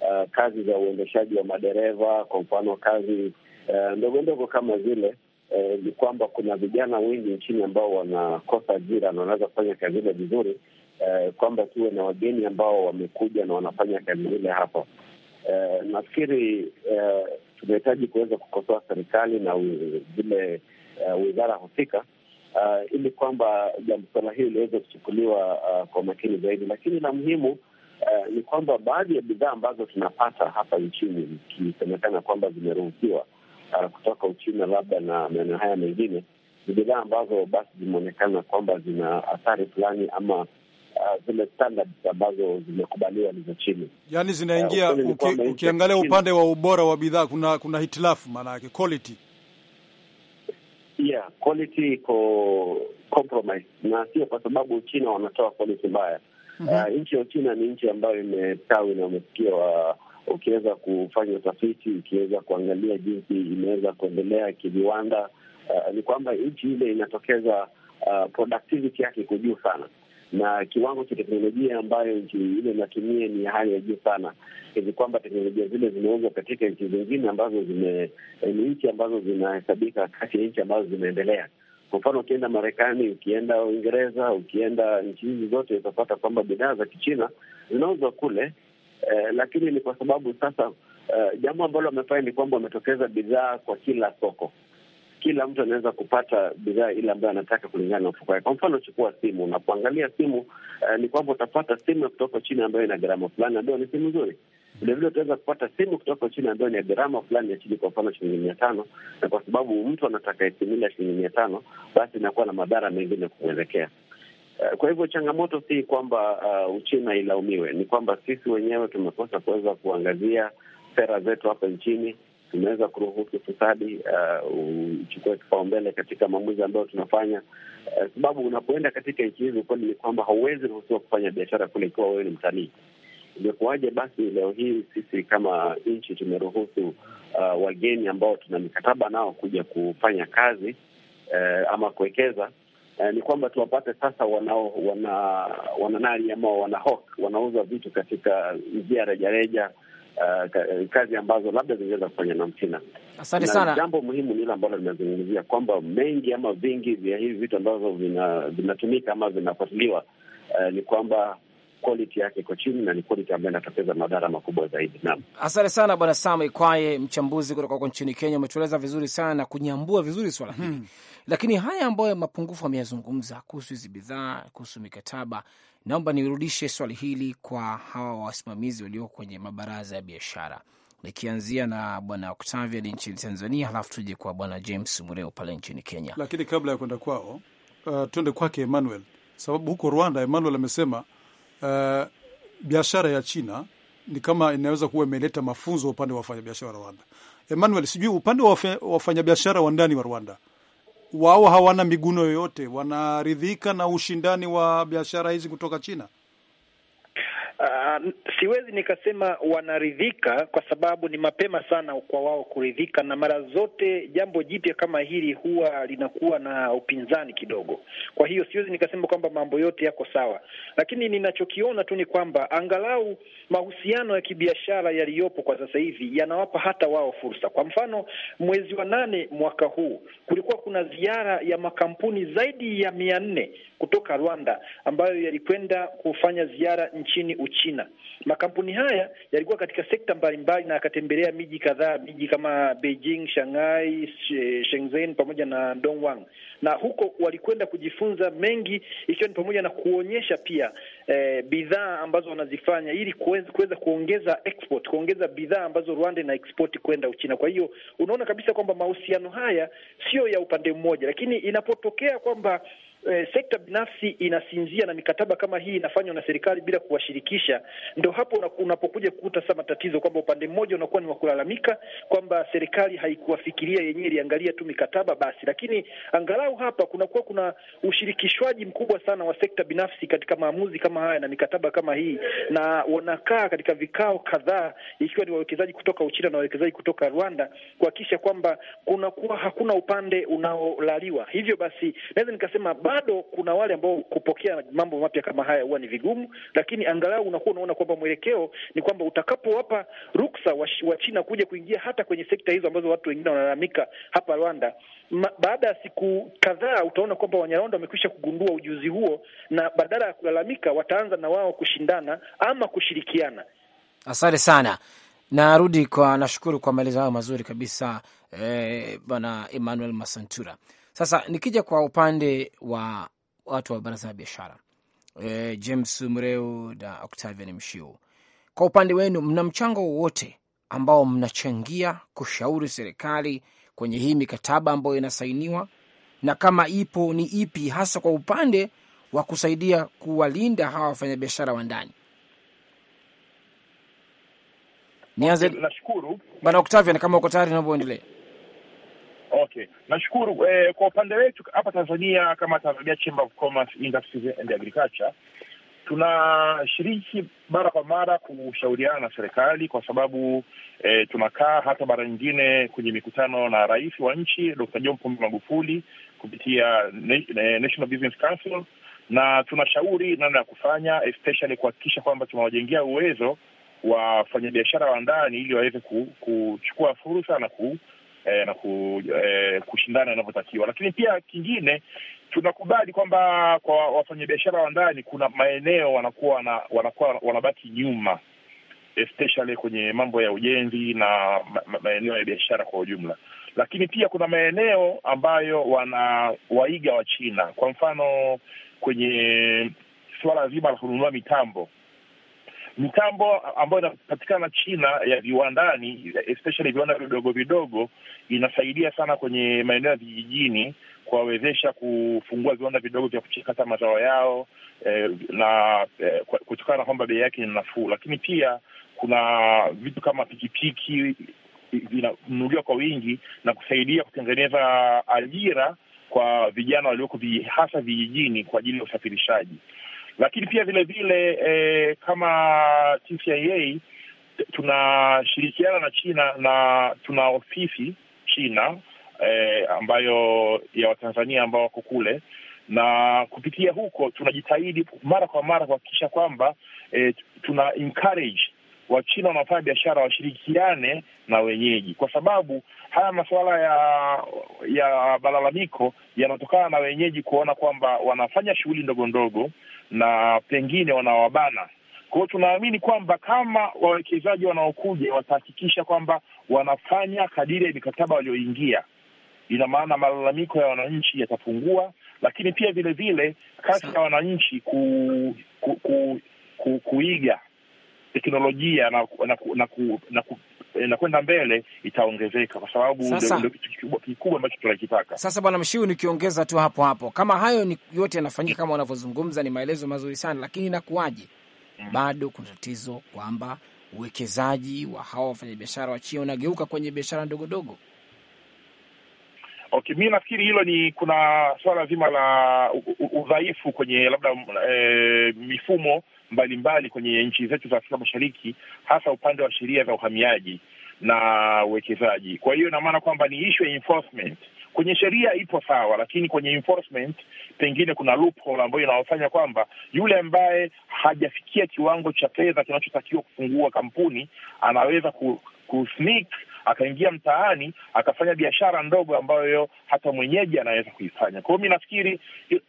uh, kazi za uendeshaji wa madereva kwa mfano kazi uh, ndogo ndogo kama zile eh, ni kwamba kuna vijana wengi nchini ambao wanakosa ajira na wanaweza kufanya kazi ile vizuri eh, kwamba tuwe na wageni ambao wamekuja na wanafanya kazi hile hapa. Eh, nafikiri eh, tunahitaji kuweza kukosoa serikali na zile eh, wizara uh, husika uh, ili kwamba jambo suala hili liweze kuchukuliwa uh, kwa makini zaidi. Lakini la muhimu uh, ni kwamba baadhi ya bidhaa ambazo tunapata hapa nchini ikisemekana kwamba zimeruhusiwa uh, kutoka Uchina labda na maeneo haya mengine, ni bidhaa ambazo basi zimeonekana kwamba zina athari fulani ama Uh, zile standards ambazo zimekubaliwa ni za chini, yani uh, zinaingia uh, uki, ukiangalia upande wa ubora wa bidhaa kuna kuna hitilafu, maana yake quality yeah, quality iko compromise, na sio kwa sababu Uchina wanatoa quality mbaya. mm -hmm. Uh, nchi ya Uchina ni nchi ambayo imestawi na umesikiwa uh, ukiweza kufanya utafiti, ukiweza kuangalia jinsi imeweza kuendelea kiviwanda, uh, ni kwamba nchi ile inatokeza uh, productivity yake iko juu sana na kiwango cha teknolojia ambayo nchi ile inatumia ni hali ya juu sana, hivi kwamba teknolojia zile zimeuzwa katika nchi zingine ambazo zime eh, ni nchi ambazo zinahesabika kati ya nchi ambazo zimeendelea. Kwa mfano, ukienda Marekani, ukienda Uingereza, ukienda nchi hizi zote utapata kwamba bidhaa za Kichina zinauzwa kule. Eh, lakini ni kwa sababu sasa, eh, jambo ambalo wamefanya ni kwamba wametokeza bidhaa kwa kila soko kila mtu anaweza kupata bidhaa ile ambayo anataka kulingana na mfuko wake. Kwa mfano, chukua simu, unapoangalia simu uh, ni kwamba utapata simu kutoka China ambayo ina gharama fulani, ambayo ni simu nzuri. Vilevile utaweza kupata simu kutoka China ambayo ni ya gharama fulani ya chini, kwa mfano shilingi mia tano, na kwa sababu mtu anataka simu ya shilingi mia tano, basi inakuwa na madhara mengine kumwelekea eh, kwa hivyo changamoto si kwamba uh, Uchina ilaumiwe, ni kwamba sisi wenyewe tumekosa kuweza kuangazia sera zetu hapa nchini tumeweza kuruhusu ufisadi uh, uchukue uh, kipaumbele katika maamuzi ambayo tunafanya, uh, sababu unapoenda katika nchi hizi ukweli ni kwamba hauwezi ruhusiwa kufanya biashara kule ikiwa wewe ni mtalii. Imekuwaje basi leo hii sisi kama nchi tumeruhusu uh, wageni ambao tuna mikataba nao kuja kufanya kazi uh, ama kuwekeza uh, ni kwamba tuwapate sasa wanao wana ama wanahok wanauza vitu katika njia rejareja uh, kazi ambazo labda zingeweza kufanya na Mchina. Asante sana. Jambo muhimu ni ile ambalo linazungumzia kwamba mengi ama vingi vya hivi vitu ambavyo vinatumika vina ama vinafuatiliwa uh, ni kwamba quality yake iko chini na ni quality ambayo inatokeza madhara makubwa zaidi. Naam, asante sana Bwana Sam Ikwaye, mchambuzi kutoka huko nchini Kenya. Umetueleza vizuri sana na kunyambua vizuri swala hili hmm. Lakini haya ambayo mapungufu ameyazungumza kuhusu hizi bidhaa, kuhusu mikataba, naomba nirudishe swali hili kwa hawa wasimamizi walioko kwenye mabaraza ya biashara, nikianzia na Bwana Octavia nchini Tanzania, halafu tuje kwa Bwana James Mureo pale nchini Kenya. Lakini kabla ya kwenda kwao, uh, tuende kwake Emmanuel, sababu huko Rwanda Emmanuel amesema uh, biashara ya China ni kama inaweza kuwa imeleta mafunzo upande wa wafanyabiashara wa Rwanda. Emmanuel, sijui upande wa wafanyabiashara wa ndani wa Rwanda, wao hawana miguno yoyote, wanaridhika na ushindani wa biashara hizi kutoka China? Uh, siwezi nikasema wanaridhika kwa sababu ni mapema sana kwa wao kuridhika, na mara zote jambo jipya kama hili huwa linakuwa na upinzani kidogo. Kwa hiyo siwezi nikasema kwamba mambo yote yako sawa, lakini ninachokiona tu ni kwamba angalau mahusiano ya kibiashara yaliyopo kwa sasa hivi yanawapa hata wao fursa. Kwa mfano, mwezi wa nane mwaka huu kulikuwa kuna ziara ya makampuni zaidi ya mia nne kutoka Rwanda ambayo yalikwenda kufanya ziara nchini Uchina. Makampuni haya yalikuwa katika sekta mbalimbali na yakatembelea miji kadhaa, miji kama Beijing, Shanghai, Shenzhen pamoja na Dongwang, na huko walikwenda kujifunza mengi, ikiwa ni pamoja na kuonyesha pia eh, bidhaa ambazo wanazifanya ili kuweza kuongeza export, kuongeza bidhaa ambazo Rwanda ina export kwenda Uchina. Kwa hiyo unaona kabisa kwamba mahusiano haya sio ya upande mmoja, lakini inapotokea kwamba eh, sekta binafsi inasinzia na mikataba kama hii inafanywa na serikali bila kuwashirikisha, ndo hapo unapokuja kukuta sasa matatizo kwamba upande mmoja unakuwa ni wa kulalamika kwamba serikali haikuwafikiria yenyewe, iliangalia tu mikataba basi, lakini angalau hapa kunakuwa kuna ushirikishwaji mkubwa sana wa sekta binafsi katika maamuzi kama haya na mikataba kama hii, na wanakaa katika vikao kadhaa, ikiwa ni wawekezaji kutoka Uchina na wawekezaji kutoka Rwanda kuhakikisha kwamba kunakuwa hakuna upande unaolaliwa. Hivyo basi naweza nikasema bado kuna wale ambao kupokea mambo mapya kama haya huwa ni vigumu, lakini angalau unakuwa unaona kwamba mwelekeo ni kwamba utakapowapa ruksa wa, wa China kuja kuingia hata kwenye sekta hizo ambazo watu wengine wanalalamika hapa Rwanda, baada ya siku kadhaa utaona kwamba Wanyarwanda wamekwisha kugundua ujuzi huo, na badala ya kulalamika wataanza na wao kushindana ama kushirikiana. Asante sana. Narudi kwa nashukuru kwa maelezo hayo mazuri kabisa eh, Bwana Emmanuel Masantura. Sasa nikija kwa upande wa watu wa baraza la biashara e, James Mreu na Octavian Mshiu, kwa upande wenu mna mchango wowote ambao mnachangia kushauri serikali kwenye hii mikataba ambayo inasainiwa, na kama ipo ni ipi hasa kwa upande wa kusaidia kuwalinda hawa wafanyabiashara wa ndani? Nianze, nashukuru bwana Octavian, kama uko tayari, naomba uendelee. Nashukuru eh, kwa upande wetu hapa Tanzania kama Tanzania Chamber of Commerce, Industry and Agriculture tunashiriki mara kwa mara kushauriana na serikali kwa sababu eh, tunakaa hata mara nyingine kwenye mikutano na rais wa nchi Dkt. John Pombe Magufuli kupitia National Business Council, na tunashauri namna ya kufanya especially kuhakikisha kwamba tunawajengea uwezo wafanyabiashara wa ndani ili waweze kuchukua fursa na eh, na ku, eh, kushindana inavyotakiwa. Lakini pia kingine tunakubali kwamba kwa, wafanyabiashara wa ndani kuna maeneo wanakuwa wana, wanakuwa wanabaki nyuma especially kwenye mambo ya ujenzi na maeneo ya biashara kwa ujumla, lakini pia kuna maeneo ambayo wanawaiga wa China, kwa mfano kwenye suala zima la kununua mitambo mitambo ambayo inapatikana China ya viwandani, especially viwanda vidogo vidogo, inasaidia sana kwenye maeneo ya vijijini kuwawezesha kufungua viwanda vidogo vya kuchakata mazao yao eh, na eh, kutokana na kwamba bei yake ni nafuu, lakini pia kuna vitu kama pikipiki vinanunuliwa kwa wingi na kusaidia kutengeneza ajira kwa vijana walioko hasa vijijini kwa ajili ya usafirishaji. Lakini pia vilevile vile, e, kama TCIA tunashirikiana na China na tuna ofisi China e, ambayo ya Watanzania ambao wako kule na kupitia huko tunajitahidi mara kwa mara kuhakikisha kwamba e, tuna encourage Wachina wanafanya biashara washirikiane na wenyeji, kwa sababu haya masuala ya ya malalamiko yanatokana na wenyeji kuona kwamba wanafanya shughuli ndogo ndogo na pengine wanawabana. Kwa hiyo tunaamini kwamba kama wawekezaji wanaokuja watahakikisha kwamba wanafanya kadiri ya mikataba walioingia, ina maana malalamiko ya wananchi yatapungua, lakini pia vilevile kasi ya wananchi ku, ku, ku, ku, kuiga teknolojia na na, na, na, eh, na kwenda mbele itaongezeka, kwa sababu ndio kitu kikubwa ambacho tunakitaka sasa. Bwana Mshiu, nikiongeza tu hapo hapo, kama hayo ni yote yanafanyika kama wanavyozungumza, ni maelezo mazuri sana, lakini inakuwaje? mm. bado kuna tatizo kwamba uwekezaji wa hawa wafanyabiashara wa China unageuka kwenye biashara ndogo ndogo. Okay, mi nafikiri hilo ni kuna swala zima la udhaifu kwenye labda e, mifumo mbalimbali kwenye nchi zetu za Afrika Mashariki, hasa upande wa sheria za uhamiaji na uwekezaji. Kwa hiyo ina maana kwamba ni issue ya enforcement kwenye sheria ipo sawa, lakini kwenye enforcement pengine kuna loophole ambayo inawafanya kwamba yule ambaye hajafikia kiwango cha fedha kinachotakiwa kufungua kampuni anaweza ku, ku sneak akaingia mtaani akafanya biashara ndogo ambayo hata mwenyeji anaweza kuifanya. Kwa hiyo mi nafikiri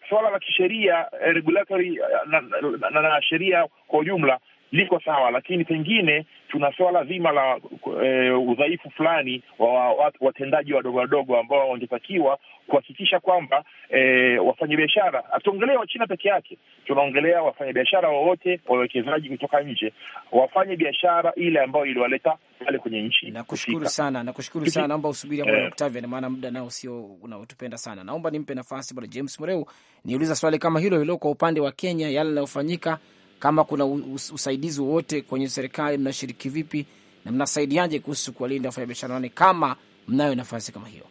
suala la kisheria eh, regulatory eh, na, na, na, na sheria kwa ujumla liko sawa, lakini pengine tuna swala zima la e, udhaifu fulani wa watendaji wadogo wadogo ambao wangetakiwa kuhakikisha kwamba e, wafanyabiashara, hatuongelea Wachina peke yake, tunaongelea wafanyabiashara wowote, wawekezaji kutoka nje wafanye biashara ile ambayo iliwaleta pale kwenye nchi. Nakushukuru sana, nakushukuru sana. Naomba usubiri hapo, eh. Octavia, maana muda nao sio unaotupenda sana. Naomba nimpe nafasi bwana James Mreu, niuliza swali kama hilo hilo kwa upande wa Kenya, yale yanayofanyika kama kuna usaidizi wowote kwenye serikali, mnashiriki vipi na mnasaidiaje kuhusu kuwalinda wafanyabiashara wani kama mnayo nafasi kama hiyo?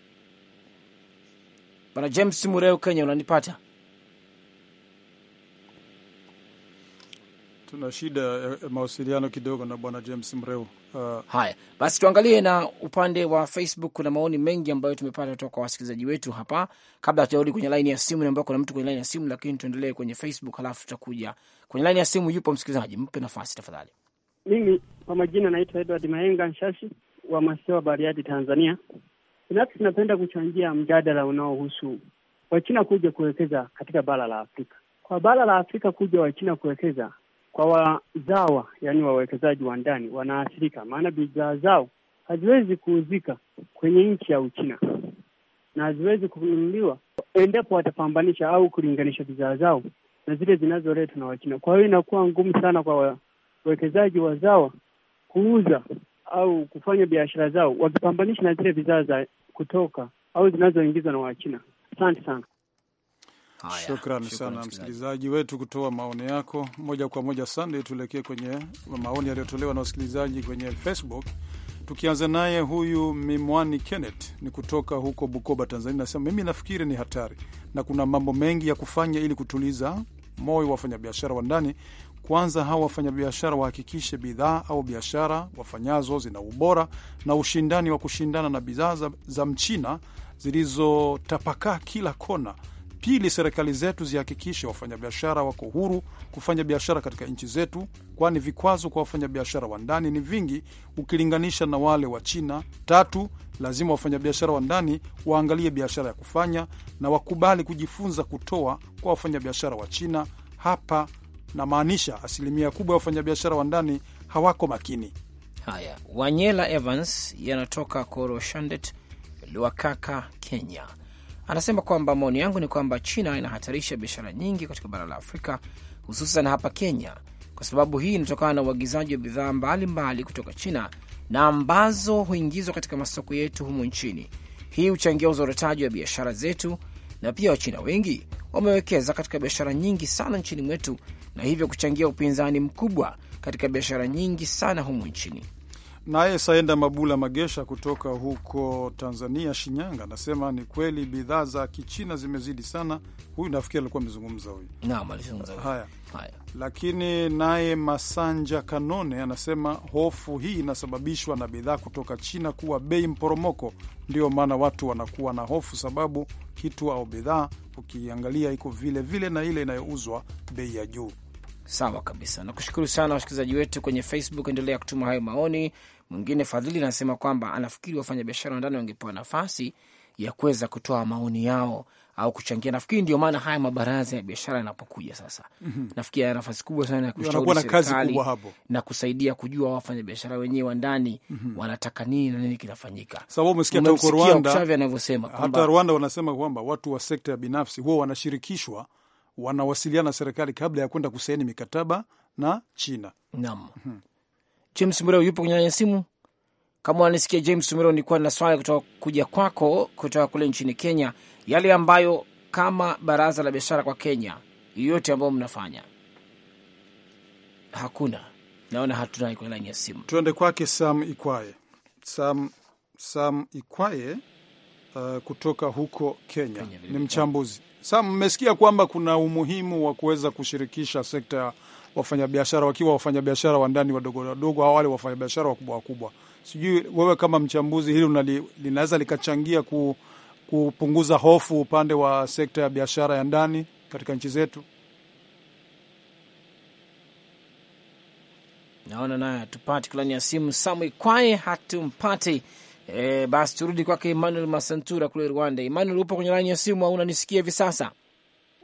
Bwana James Mureu, Kenya, unanipata? Tuna shida ya mawasiliano kidogo na bwana James Mreu. Uh, haya basi, tuangalie na upande wa Facebook. Kuna maoni mengi ambayo tumepata kutoka kwa wasikilizaji wetu hapa. Kabla hatujarudi kwenye laini ya simu, ambao kuna mtu kwenye laini ya simu, lakini tuendelee kwenye Facebook halafu tutakuja kwenye laini ya simu. Yupo msikilizaji, mpe nafasi tafadhali. Mimi kwa majina naitwa Edward Maenga Nshashi wa Masewa, Bariadi, Tanzania. Binafsi napenda kuchangia mjadala unaohusu Wachina kuja kuwekeza katika bara la Afrika. Kwa bara la Afrika kuja Wachina kuwekeza kwa wazawa, yaani wawekezaji wa ndani wanaathirika, maana bidhaa zao haziwezi kuuzika kwenye nchi ya Uchina na haziwezi kununuliwa endapo watapambanisha au kulinganisha bidhaa zao na zile zinazoletwa na Wachina. Kwa hiyo inakuwa ngumu sana kwa wawekezaji wazawa kuuza au kufanya biashara zao wakipambanisha na zile bidhaa za kutoka au zinazoingizwa na Wachina. Asante sana. Haya, shukrani, shukrani sana msikilizaji wetu kutoa maoni yako moja kwa moja. Sunday, tuelekee kwenye maoni yaliyotolewa na wasikilizaji kwenye Facebook, tukianza naye huyu Mimwani Kenneth ni kutoka huko Bukoba, Tanzania. Nasema mimi nafikiri ni hatari na kuna mambo mengi ya kufanya ili kutuliza moyo wa wafanyabiashara wa ndani. Kwanza, hawa wafanyabiashara wahakikishe bidhaa au biashara wafanyazo zina ubora na ushindani wa kushindana na bidhaa za, za mchina zilizotapakaa kila kona Pili, serikali zetu zihakikishe wafanyabiashara wako huru kufanya biashara katika nchi zetu, kwani vikwazo kwa wafanyabiashara wa ndani ni vingi ukilinganisha na wale wa China. Tatu, lazima wafanyabiashara wa ndani waangalie biashara ya kufanya na wakubali kujifunza kutoa kwa wafanyabiashara wa China. Hapa namaanisha asilimia kubwa ya wafanyabiashara wa ndani hawako makini. Haya, Wanyela Evans yanatoka Koroshandet Luakaka, Kenya Anasema kwamba maoni yangu ni kwamba China inahatarisha biashara nyingi katika bara la Afrika, hususan hapa Kenya, kwa sababu hii inatokana na uagizaji wa bidhaa mbalimbali kutoka China na ambazo huingizwa katika masoko yetu humu nchini. Hii huchangia uzorotaji wa biashara zetu, na pia Wachina wengi wamewekeza katika biashara nyingi sana nchini mwetu, na hivyo kuchangia upinzani mkubwa katika biashara nyingi sana humu nchini. Naye Saenda Mabula Magesha kutoka huko Tanzania, Shinyanga, anasema ni kweli bidhaa za Kichina zimezidi sana. Huyu nafikiri alikuwa amezungumza huyu. Naam, alizungumza haya. Haya, lakini naye Masanja Kanone anasema hofu hii inasababishwa na bidhaa kutoka China kuwa bei mporomoko, ndio maana watu wanakuwa na hofu, sababu kitu au bidhaa ukiangalia iko vile vile na ile inayouzwa bei ya juu. Sawa kabisa, nakushukuru sana wasikilizaji wetu kwenye Facebook, endelea kutuma hayo maoni Mwingine Fadhili anasema kwamba anafikiri wafanyabiashara wa ndani wangepewa nafasi ya kuweza kutoa maoni yao au kuchangia. Nafikiri ndio maana haya mabaraza ya biashara yanapokuja sasa, mm -hmm. nafikiri yana nafasi kubwa sana ya kushauri serikali na kusaidia kujua wafanya biashara wenyewe wa ndani mm -hmm. wanataka nini na nini kinafanyika. Sababu umesikia hata huko Rwanda anavyosema hata Rwanda wanasema kwamba watu wa sekta ya binafsi huwa wanashirikishwa, wanawasiliana na serikali kabla ya kwenda kusaini mikataba na China. Naam. Mm -hmm. James Mureo yupo kwenye ya simu. Kama wanisikia James Mureo, nilikuwa na swali kutoka kuja kwako kutoka kule nchini Kenya, yale ambayo kama baraza la biashara kwa Kenya yoyote ambayo mnafanya. Hakuna, naona hatuna kwenye laini ya simu. Tuende kwake Sam Ikwaye. Sam, Sam Ikwaye uh, kutoka huko Kenya, Kenya ni mchambuzi. Sam, mmesikia kwamba kuna umuhimu wa kuweza kushirikisha sekta wafanyabiashara wakiwa wafanyabiashara wa ndani wadogo wadogo au wale wafanyabiashara wakubwa wakubwa. Sijui wewe kama mchambuzi, hili linaweza likachangia ku, kupunguza hofu upande wa sekta ya biashara ya ndani katika nchi zetu? Naona naye hatupati kulani ya simu Samwi Kwae, hatumpati. E, basi turudi kwake Emmanuel Masantura kule Rwanda. Emmanuel, upo kwenye laini ya simu au unanisikia hivi sasa?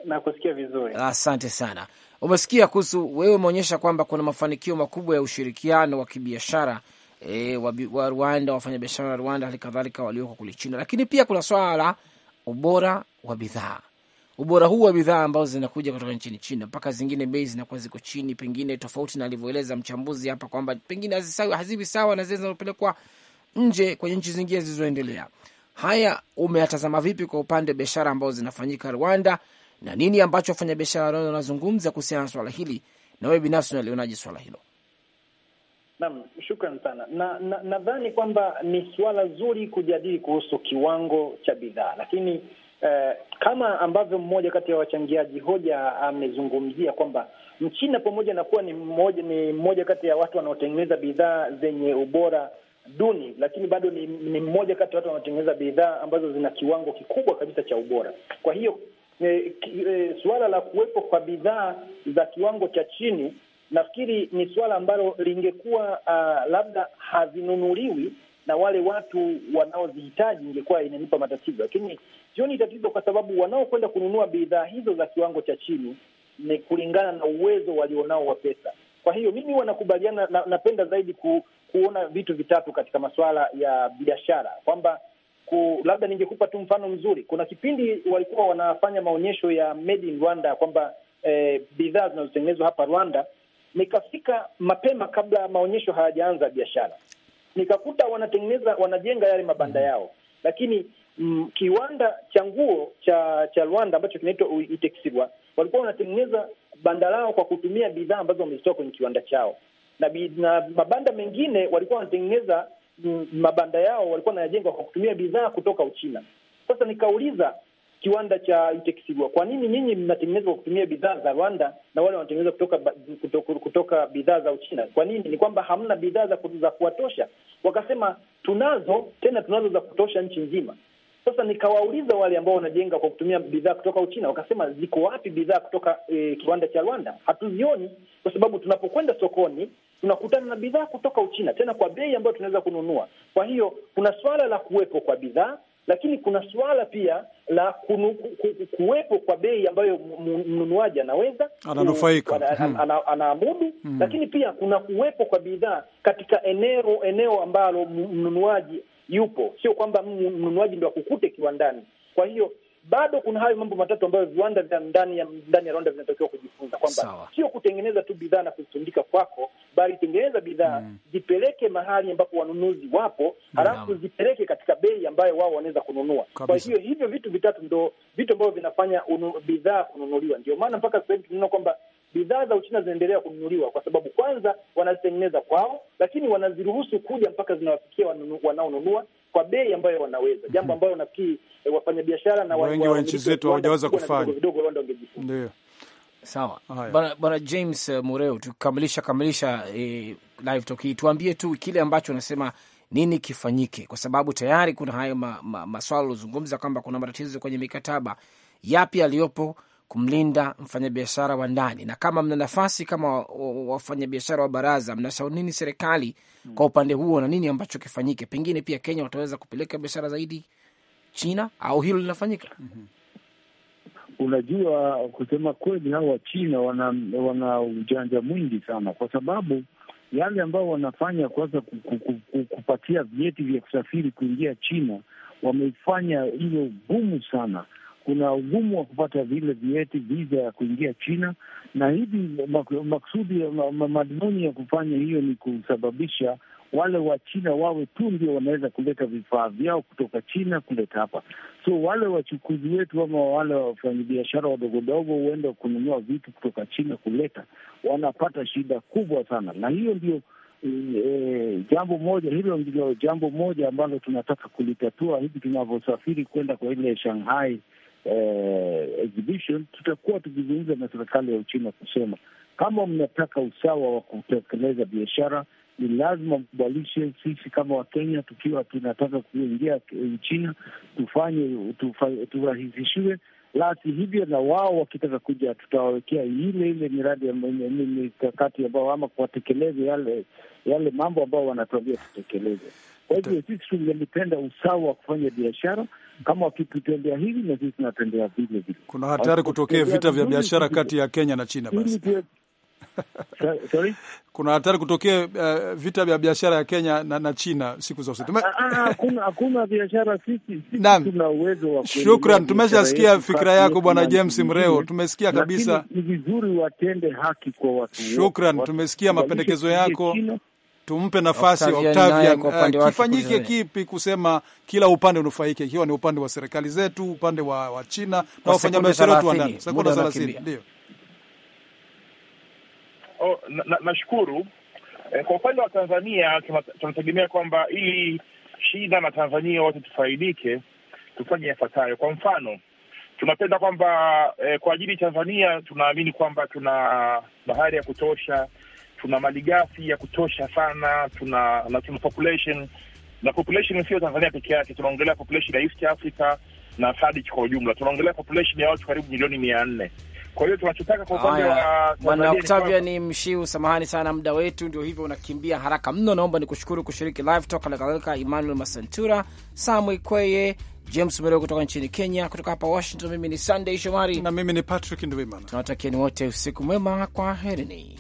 Nakusikia vizuri, asante sana umesikia kuhusu, wewe umeonyesha kwamba kuna mafanikio makubwa ya ushirikiano wa kibiashara e, wa, wa Rwanda, wafanyabiashara wa Rwanda hali kadhalika walioko kule China, lakini pia kuna swala la ubora wa bidhaa. Ubora huu wa bidhaa ambazo zinakuja kutoka nchini China mpaka zingine, bei zinakuwa ziko chini, pengine tofauti na alivyoeleza mchambuzi hapa kwamba pengine hazivi sawa na zile zinazopelekwa nje kwenye nchi zingine zilizoendelea. Haya, umeyatazama vipi kwa upande wa biashara ambazo zinafanyika Rwanda na nini ambacho wafanyabiashara wanazungumza kuhusiana na swala hili, na wewe binafsi unalionaje swala hilo? Naam, shukran sana. Na nadhani na kwamba ni suala zuri kujadili kuhusu kiwango cha bidhaa, lakini eh, kama ambavyo mmoja kati ya wachangiaji hoja amezungumzia kwamba Mchina pamoja na kuwa ni mmoja ni mmoja kati ya watu wanaotengeneza bidhaa zenye ubora duni, lakini bado ni, ni mmoja kati ya watu wanaotengeneza bidhaa ambazo zina kiwango kikubwa kabisa cha ubora. Kwa hiyo e, e, suala la kuwepo kwa bidhaa za kiwango cha chini nafikiri ni suala ambalo lingekuwa uh, labda hazinunuliwi na wale watu wanaozihitaji, ingekuwa inanipa matatizo, lakini sioni tatizo, kwa sababu wanaokwenda kununua bidhaa hizo za kiwango cha chini ni kulingana na uwezo walionao wa pesa. Kwa hiyo mimi wanakubaliana na, napenda zaidi ku, kuona vitu vitatu katika masuala ya biashara kwamba ku, labda ningekupa tu mfano mzuri. Kuna kipindi walikuwa wanafanya maonyesho ya made in Rwanda kwamba eh, bidhaa zinazotengenezwa hapa Rwanda. Nikafika mapema kabla maonyesho hayajaanza biashara, nikakuta wanatengeneza wanajenga yale mabanda mm. yao, lakini mm, kiwanda cha nguo cha cha Rwanda ambacho kinaitwa Itexirwa walikuwa wanatengeneza banda lao kwa kutumia bidhaa ambazo wamezitoa kwenye kiwanda chao na, na mabanda mengine walikuwa wanatengeneza mabanda yao walikuwa wanayajenga kwa kutumia bidhaa kutoka Uchina. Sasa nikauliza kiwanda cha Itekisigwa, kwa nini nyinyi mnatengeneza kwa kutumia bidhaa za Rwanda na wale wanatengeneza kutoka, kutoka, kutoka bidhaa za Uchina? Kwa nini? Ni kwamba hamna bidhaa za kuwatosha. Wakasema tunazo, tena tunazo za kutosha nchi nzima. Sasa nikawauliza wale ambao wanajenga kwa kutumia bidhaa kutoka Uchina, wakasema ziko wapi bidhaa kutoka e, kiwanda cha Rwanda? Hatuzioni, kwa sababu tunapokwenda sokoni tunakutana na bidhaa kutoka Uchina, tena kwa bei ambayo tunaweza kununua. Kwa hiyo kuna suala la kuwepo kwa bidhaa, lakini kuna suala pia la kunu, kuwepo kwa bei ambayo mnunuaji anaweza ananufaika anaamudu ana, ana, hmm. hmm. Lakini pia kuna kuwepo kwa bidhaa katika eneo eneo ambalo mnunuaji yupo, sio kwamba mnunuaji ndo akukute kiwandani. Kwa hiyo bado kuna hayo mambo matatu ambayo viwanda vya ndani ya ndani ya Rwanda vinatakiwa kujifunza kwamba sio kutengeneza tu bidhaa na kuzitundika kwako, bali tengeneza bidhaa mm, zipeleke mahali ambapo wanunuzi wapo, halafu zipeleke katika bei ambayo wao wanaweza kununua. Kwa hiyo hivyo vitu vitatu ndo vitu ambavyo vinafanya bidhaa kununuliwa. Ndio maana mpaka sasa hivi tunaona kwamba bidhaa za Uchina zinaendelea kununuliwa kwa sababu kwanza wanazitengeneza kwao, lakini wanaziruhusu kuja mpaka zinawafikia wanaonunua kwa bei ambayo wanaweza, jambo mhm. ambayo nafikiri eh, wafanyabiashara na wengi wa nchi zetu hawajaweza kufanya, vidogo Rwanda wangejifunza. Ndio sawa, bwana bwana James uh, eh, Mureu, tukamilisha kamilisha eh, live talk hii, tuambie tu kile ambacho unasema nini kifanyike, kwa sababu tayari kuna hayo ma, ma, maswala uliozungumza kwamba kuna matatizo kwenye mikataba, yapi aliyopo kumlinda mfanyabiashara wa ndani, na kama mna nafasi kama wafanyabiashara wa baraza, mnashauri nini serikali Mm. kwa upande huo na nini ambacho kifanyike, pengine pia Kenya wataweza kupeleka biashara zaidi China au hilo linafanyika? mm -hmm. Unajua, kusema kweli, hawa China wana, wana ujanja mwingi sana, kwa sababu yale ambao wanafanya kwanza kupatia vyeti vya kusafiri kuingia China wameifanya hiyo gumu sana kuna ugumu wa kupata vile vieti viza ya kuingia China, na hivi maksudi madhumuni ya kufanya hiyo ni kusababisha wale wa China wawe tu ndio wanaweza kuleta vifaa vyao kutoka China kuleta hapa. So wale wachukuzi wetu ama wale wafanyabiashara wadogodogo huenda kununua vitu kutoka China kuleta, wanapata shida kubwa sana, na hiyo ndio E, jambo moja hilo ndilo jambo moja ambalo tunataka kulitatua hivi tunavyosafiri kwenda kwa ile Shanghai eh, exhibition, tutakuwa tukizungumza na serikali ya Uchina kusema kama mnataka usawa wa kutekeleza biashara ni lazima mkubalishe sisi kama Wakenya tukiwa tunataka kuingia Uchina tufanye turahisishiwe, lasi hivyo na wao wakitaka kuja tutawawekea ile ile miradi mikakati ambao ama kuwatekeleze yale yale mambo ambao wanatuambia tutekeleze. Kwa hivyo sisi tungelipenda usawa wa kufanya biashara kama wakitutendea hivi na sisi tunatendea vile vile. Kuna hatari kutokea vita vya biashara kati ya Kenya na China basi. Sorry? Kuna hatari kutokea uh, vita vya biashara ya Kenya na, na China siku za usoni. Ah, ah, hakuna biashara sisi, sisi tuna uwezo wa. Shukran, tumeshasikia fikira yako Bwana James Mreo, tumesikia kabisa. Ni vizuri watende haki kwa watu. Shukran, tumesikia mapendekezo yako China tumpe nafasi Octavian, eh, uh, kifanyike kipi kusema kila upande unufaike, ikiwa ni upande wa serikali zetu, upande wa, wa China na wafanyabiashara wetu wa ndani. Sekunde thelathini ndio. nashukuru oh, na, na eh, kwa upande wa Tanzania tunategemea kwamba ili China na Tanzania wote tufaidike, tufanye yafuatayo. Kwa mfano tunapenda kwamba eh, kwa ajili Tanzania tunaamini kwamba tuna ah, bahari ya kutosha tuna malighafi ya kutosha sana, tuna na tuna population na population sio Tanzania peke yake, tunaongelea population ya East Africa na SADC kwa ujumla, tunaongelea population ya watu karibu milioni mia nne. Kwa hiyo tunachotaka kwa upande wa Bwana Octavia ni Mshiu, samahani sana, muda wetu ndio hivyo unakimbia haraka mno. Naomba nikushukuru kushiriki live talk, na kadhalika Emmanuel Masantura, Samuel Kweye, James Mero kutoka nchini Kenya. Kutoka hapa Washington, mimi ni Sunday Shomari na mimi ni Patrick Ndwimana. Tunawatakieni wote usiku mwema, kwa herini.